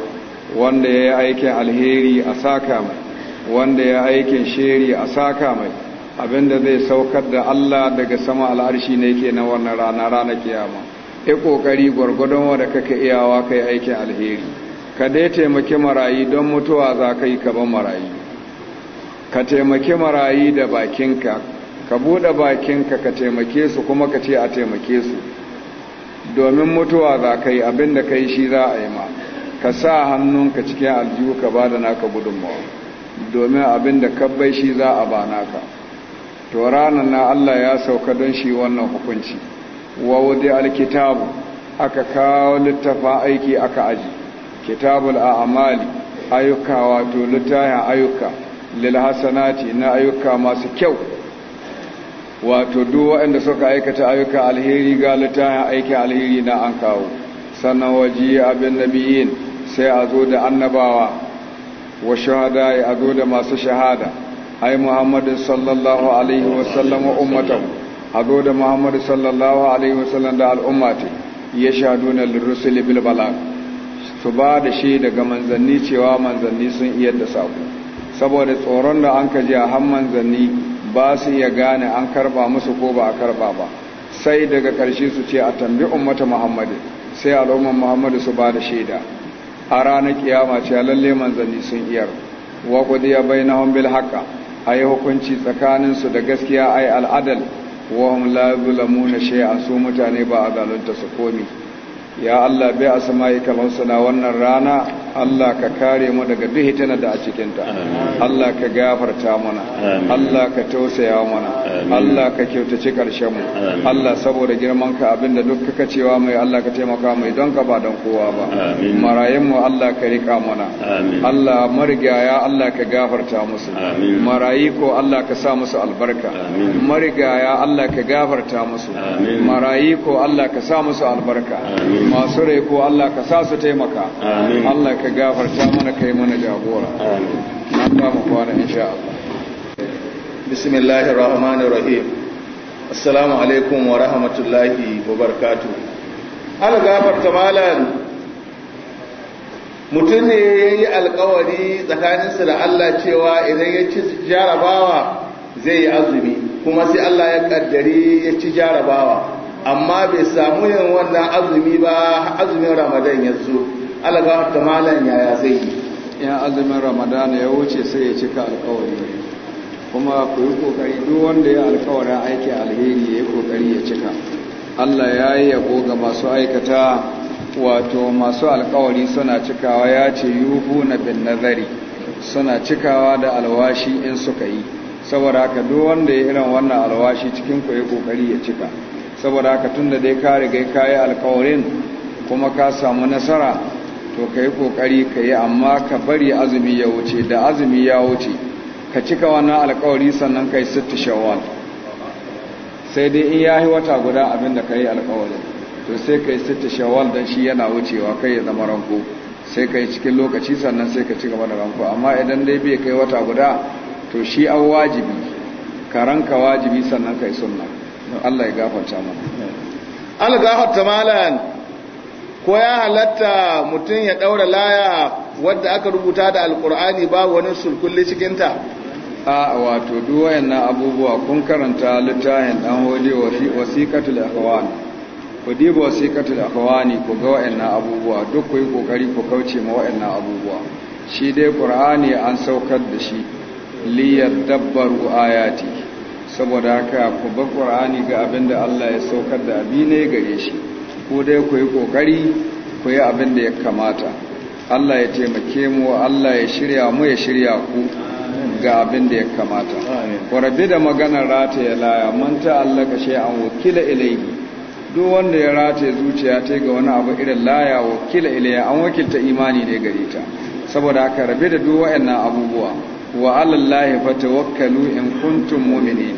wanda ya yi aikin alheri a saka mai wanda ya aikin sheri a saka mai abinda zai saukar da Allah daga sama al'arshi ne yake na wannan rana ranar kiyama ya kokari gwargwadon wadda kake iyawa kai aikin alheri ka dai taimaki marayi don mutuwa za ka yi kaban marayi ka taimaki marayi da bakinka ka buɗe bakinka ka taimake su kuma ka ce a taimake su domin mutuwa za ka yi abin da ka yi shi za a yi ma ka sa hannunka cikin aljihu ka ba da naka gudunmawa domin abin da kabbai shi za a ba naka to ranar na Allah ya sauka don shi wannan hukunci wa wuda alkitabu aka kawo littafa aiki aka aji kitabul a'mali ayyuka wato littafin ayyuka lil hasanati na ayyuka masu kyau wato duk waɗanda suka aikata ayuka alheri ga littafin aiki alheri na an kawo sannan waje abin nabiyin sai a zo da annabawa wa shahada a zo da masu shahada ai muhammadin sallallahu alaihi wasallam ummatahu haɗo da muhammadu sallallahu alaihi wasallam da al'umma ya shaɗu na lirrusul bil su ba da shi daga manzanni cewa manzanni sun iya da saku saboda tsoron da an kaji a han manzanni ba su iya gane an karba musu ko ba a karba ba sai daga karshe su ce a tambi ummata muhammadu sai al'ummar muhammadu su ba da shaida a ranar kiyama ce lalle manzanni sun iya wa na bainahum bil a yi hukunci tsakaninsu da gaskiya ai al'adal wa hum la yuzlamuna shay'an su mutane ba a zalunta su komi ya Allah bai a samayi kamar suna wannan rana Allah ka kare mu daga duhi tana da a cikinta Allah ka gafarta mana Allah ka tausaya mana Allah ka kyautaci ƙarshen mu Allah saboda girman ka abinda duk ka cewa mai Allah ka taimaka mai don ka ba don kowa ba marayen mu Allah ka rika mana Allah marigaya Allah ka gafarta musu marayi ko Allah ka sa musu albarka marigaya Allah ka gafarta musu marayi ko Allah ka sa musu albarka masu rai ko Allah ka sa su taimaka Allah ka gafarta mana kai mana jagora na kama kwana insha Allah bismillahir rahmanir rahim assalamu alaikum wa rahmatullahi wa barakatuh al gafarta malan mutum ne yayi alƙawari tsakaninsa da Allah cewa idan ya ci jarabawa zai yi azumi kuma sai Allah ya kaddari ya ci jarabawa amma bai samu yin wannan azumi ba azumin ramadan ya zo alaga ta malan yaya zai yi yan azumin ramadan ya wuce sai ya cika alkawari kuma ku yi kokari duk wanda ya alkawarin aiki alheri ya yi kokari ya cika allah ya yi yabo ga masu aikata wato masu alkawari suna cikawa ya ce yuhu na bin nazari suna cikawa da alwashi in suka yi saboda ka duk wanda ya irin wannan alwashi cikin ku yi kokari ya cika saboda haka tun da dai ka riga ka yi alkawarin kuma ka samu nasara to ka yi ƙoƙari ka yi amma ka bari azumi ya wuce da azumi ya wuce ka cika wannan alkawari sannan ka yi sittu shawwal sai dai in ya yi wata guda abinda ka yi alkawarin to sai ka yi sittu shawwal don shi yana wucewa kai ya zama ranko sai ka yi cikin lokaci sannan sai ka ci gaba da ranko amma idan dai bai kai wata guda to shi an wajibi ka ranka wajibi sannan ka yi sunna Allah ya gafarta mana algafar malan ko ya halatta mutum ya daura laya wadda aka rubuta da alkur'ani ba wani sulkulli cikinta a wato duwayen na abubuwa kun karanta littafin dan hodi wasiqatul akhwan ku diba wasiqatul ku ga wayannan abubuwa duk ku yi kokari ku kauce ma wayannan abubuwa shi dai qur'ani an saukar da shi liyadabbaru ayati saboda haka ku bar qur'ani ga abin da Allah ya saukar da abi ne gare shi ko dai ku yi kokari ku yi abin da ya kamata Allah ya taimake mu Allah ya shirya mu ya shirya ku ga abin da ya kamata ku rabi da maganar rata ya laya ka ta'allaka an wakila ilayhi duk wanda ya rataye zuciya ta ga wani abu irin laya wakila ilayya an wakilta imani ne gare ta saboda haka rabe da duk waɗannan abubuwa wa alallahi fatawakkalu in kuntum mu'minin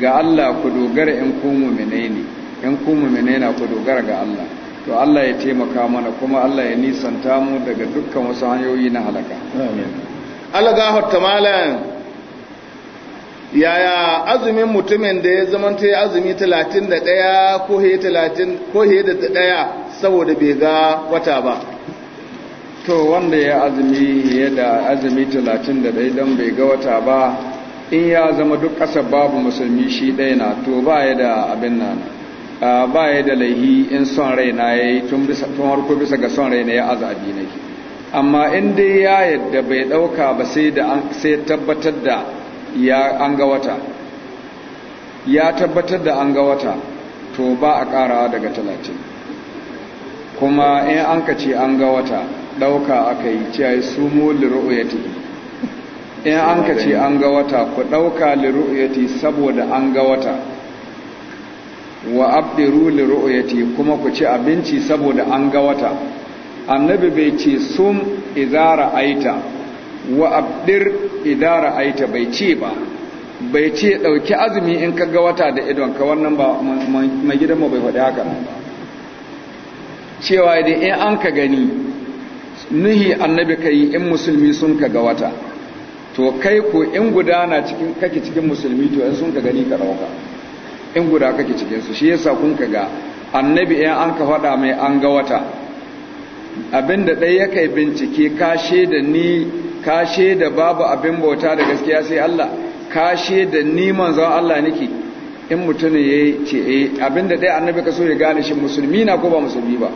ga Allah ku dogara in ku mu'minai ne in ku mu'minai na ku dogara ga Allah to Allah ya taimaka mana kuma Allah ya nisanta mu daga dukkan wasu hanyoyi na halaka amin alagahu Malam, yaya azumin mutumin da ya ta yi azumi 31 ko he 30 ko he da 1 saboda bai ga wata ba to wanda ya azumi ya da azumi talatin da don bai ga wata ba in ya zama duk ƙasar babu musulmi shi ɗaya na to ba ya da abin nan ba ya da laihi in son rai na ya yi tun harko bisa ga son rai na ya azabi na ke amma in dai ya yadda bai ɗauka ba sai tabbatar da ya an ga wata ya tabbatar da an ga wata to ba a ƙarawa daga talatin kuma in an ka ce an ga wata ɗauka aka yi cewa su mu liru'yati in an ka ce an ga wata ku ɗauka liru'yati saboda an ga wata wa abdiru liru'yati kuma ku ci abinci saboda an ga wata annabi bai ce sum idara aita wa abdir idara aita bai ce ba bai ce ɗauki azumi in ka ga wata da idon ka wannan ba mai gidanmu bai faɗi haka cewa idan in an ka gani nuhi annabi ka yi in musulmi sun ka ga wata to kai ko in guda na cikin kake cikin musulmi to in sun ka gani ka ɗauka in guda kake cikin su shi yasa kun ka ga annabi in an ka faɗa mai an ga wata abinda ɗaya ya kai bincike ka da ni ka da babu abin bauta da gaskiya sai Allah ka da ni manzo Allah nake in mutum ya ce eh abinda ɗaya annabi ka so ya gane shi musulmi na ko ba musulmi ba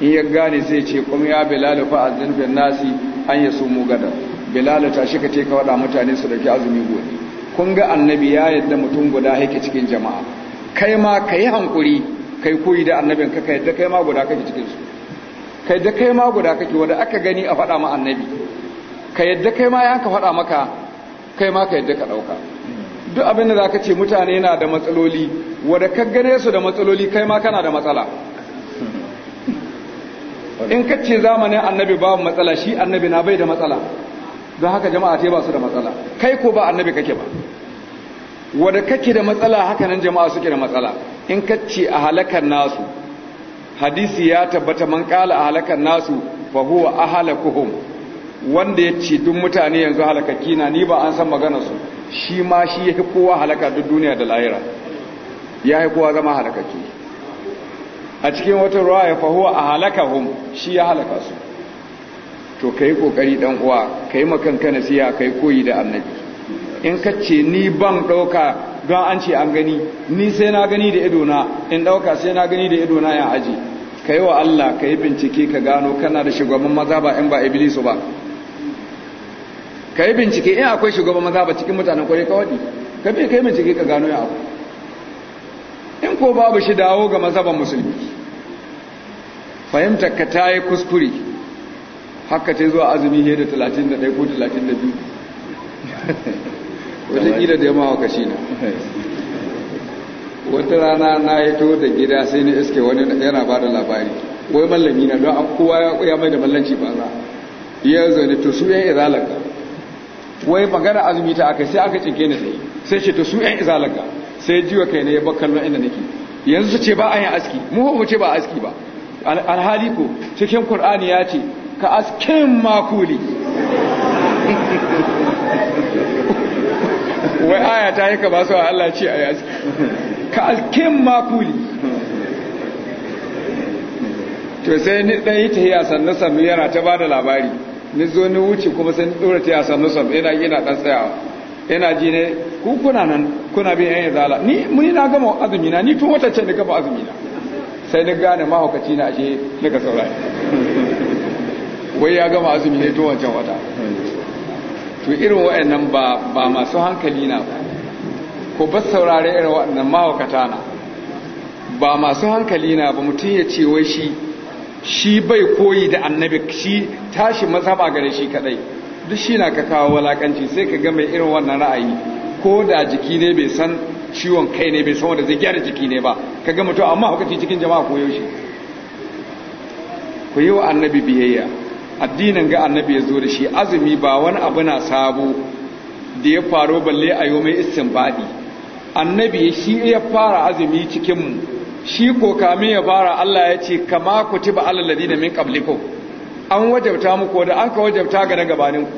in ya gane zai ce kuma ya bilal fa azin bin nasi an ya mu gada bilal ta shi ka ce ka wada mutane su dauki azumi gobe kun ga annabi ya yadda mutum guda yake cikin jama'a kai ma kai hankuri kai koyi da annabin ka kai da kai ma guda kake cikin su kai da kai ma guda kake wanda aka gani a faɗa ma annabi ka yadda kai ma ya ka faɗa maka kai ma ka yadda ka ɗauka duk abin da zaka ka ce mutane na da matsaloli wanda ka gane su da matsaloli kai ma kana da matsala in ka ce zamanin annabi babu matsala shi annabi na bai da matsala don haka jama'a ce ba su da matsala kai ko ba annabi kake ba wadda kake da matsala haka nan jama'a suke da matsala in ka ce a halakar nasu hadisi ya tabbata man kala a halakar nasu fa huwa ahalakuhum wanda ya ce duk mutane yanzu halakaki na ni ba an san maganar su shi ma shi yake kowa halaka duk duniya da lahira ya yi kowa zama halakaki a cikin wata ruwa ya fahuwa a halaka hun shi ya halaka su to ka yi ƙoƙari ɗan uwa ka yi makanka siya ka yi koyi da annabi in ka ce ni ban ɗauka don an ce an gani ni sai na gani da idona in ɗauka sai na gani da idona ya aji ka yi wa Allah ka yi bincike ka gano kana da shugaban maza ba in ba Ibilisu ba ka yi bincike in akwai shugaban maza ba cikin mutanen kwarai ka waɗi ka bi ka yi bincike ka gano ya abu in ko babu shi dawo ga mazhaban musulmi fahimtar ka ta yi kuskure haka ce zuwa azumi ne da 31 ko 32 wajen gida da yamma *laughs* haka shi ne wata rana na yi to da gida sai na iske wani yana ba da labari wai mallami na don kowa ya mai da mallanci ba za ya zane to su yan izalaka wai magana azumi ta aka sai aka cinke ni sai sai ce to su yan izalaka sai jiwa kai ne ya bar kallon inda nake yanzu su ce ba a yin aski mu ba ce ba aski ba alhali ko cikin qur'ani ya ce ka askin makuli *laughs* wai aya ta yi ka ba su Allah ce a yi aski ka askin makuli to sai ni dan yi tahiya sannu sannu yana ta bada labari ni zo ni wuce kuma sai ni dora tahiya sannu sannu ina yana dan tsayawa yana ji ne ku kuna nan kuna bin yan izala ni muni na gama azumi na ni tun wata ce na gama azumi na sai na gane mahaukaci na ashe daga saurari *laughs* wai ya gama azumi ne tun wancan wata to irin wa'annan ba ba masu hankali na ba ko ba saurare irin waɗannan mahaukata na ba masu hankali na ba mutum ya ce wai shi shi bai koyi da annabi shi tashi mazhaba gare shi kadai duk shi na ka kawo walakanci sai ka ga mai irin wannan ra'ayi ko da jiki ne bai san ciwon kai ne bai san wanda zai gyara jiki ne ba ka ga mutum amma hukaci cikin jama'a ko yaushe ku yi wa annabi biyayya addinin ga annabi ya zo da shi azumi ba wani abu na sabo da ya faro balle a yau mai istinbadi annabi shi ya fara azumi cikinmu shi ko kamin ya fara Allah ya ce kama kutiba alal ladina min qablikum an wajabta muku da an ka wajabta ga na gabaninku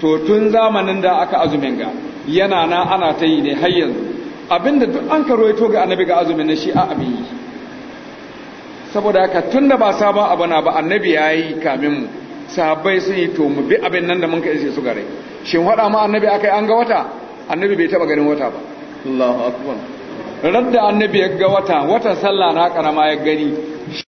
to tun zamanin da aka azumin ga yana na ana ta yi ne har yanzu abinda duk an karo to ga annabi ga azumin na shi a abin yi saboda haka tun da ba sabon abu na ba annabi ya yi kamin mu sahabbai sun yi to mu bi abin nan da mun ka iske su gare shin faɗa ma annabi akai an ga wata annabi bai taɓa ganin wata ba Allahu akbar radda annabi ya ga wata watan sallah na karama ya gani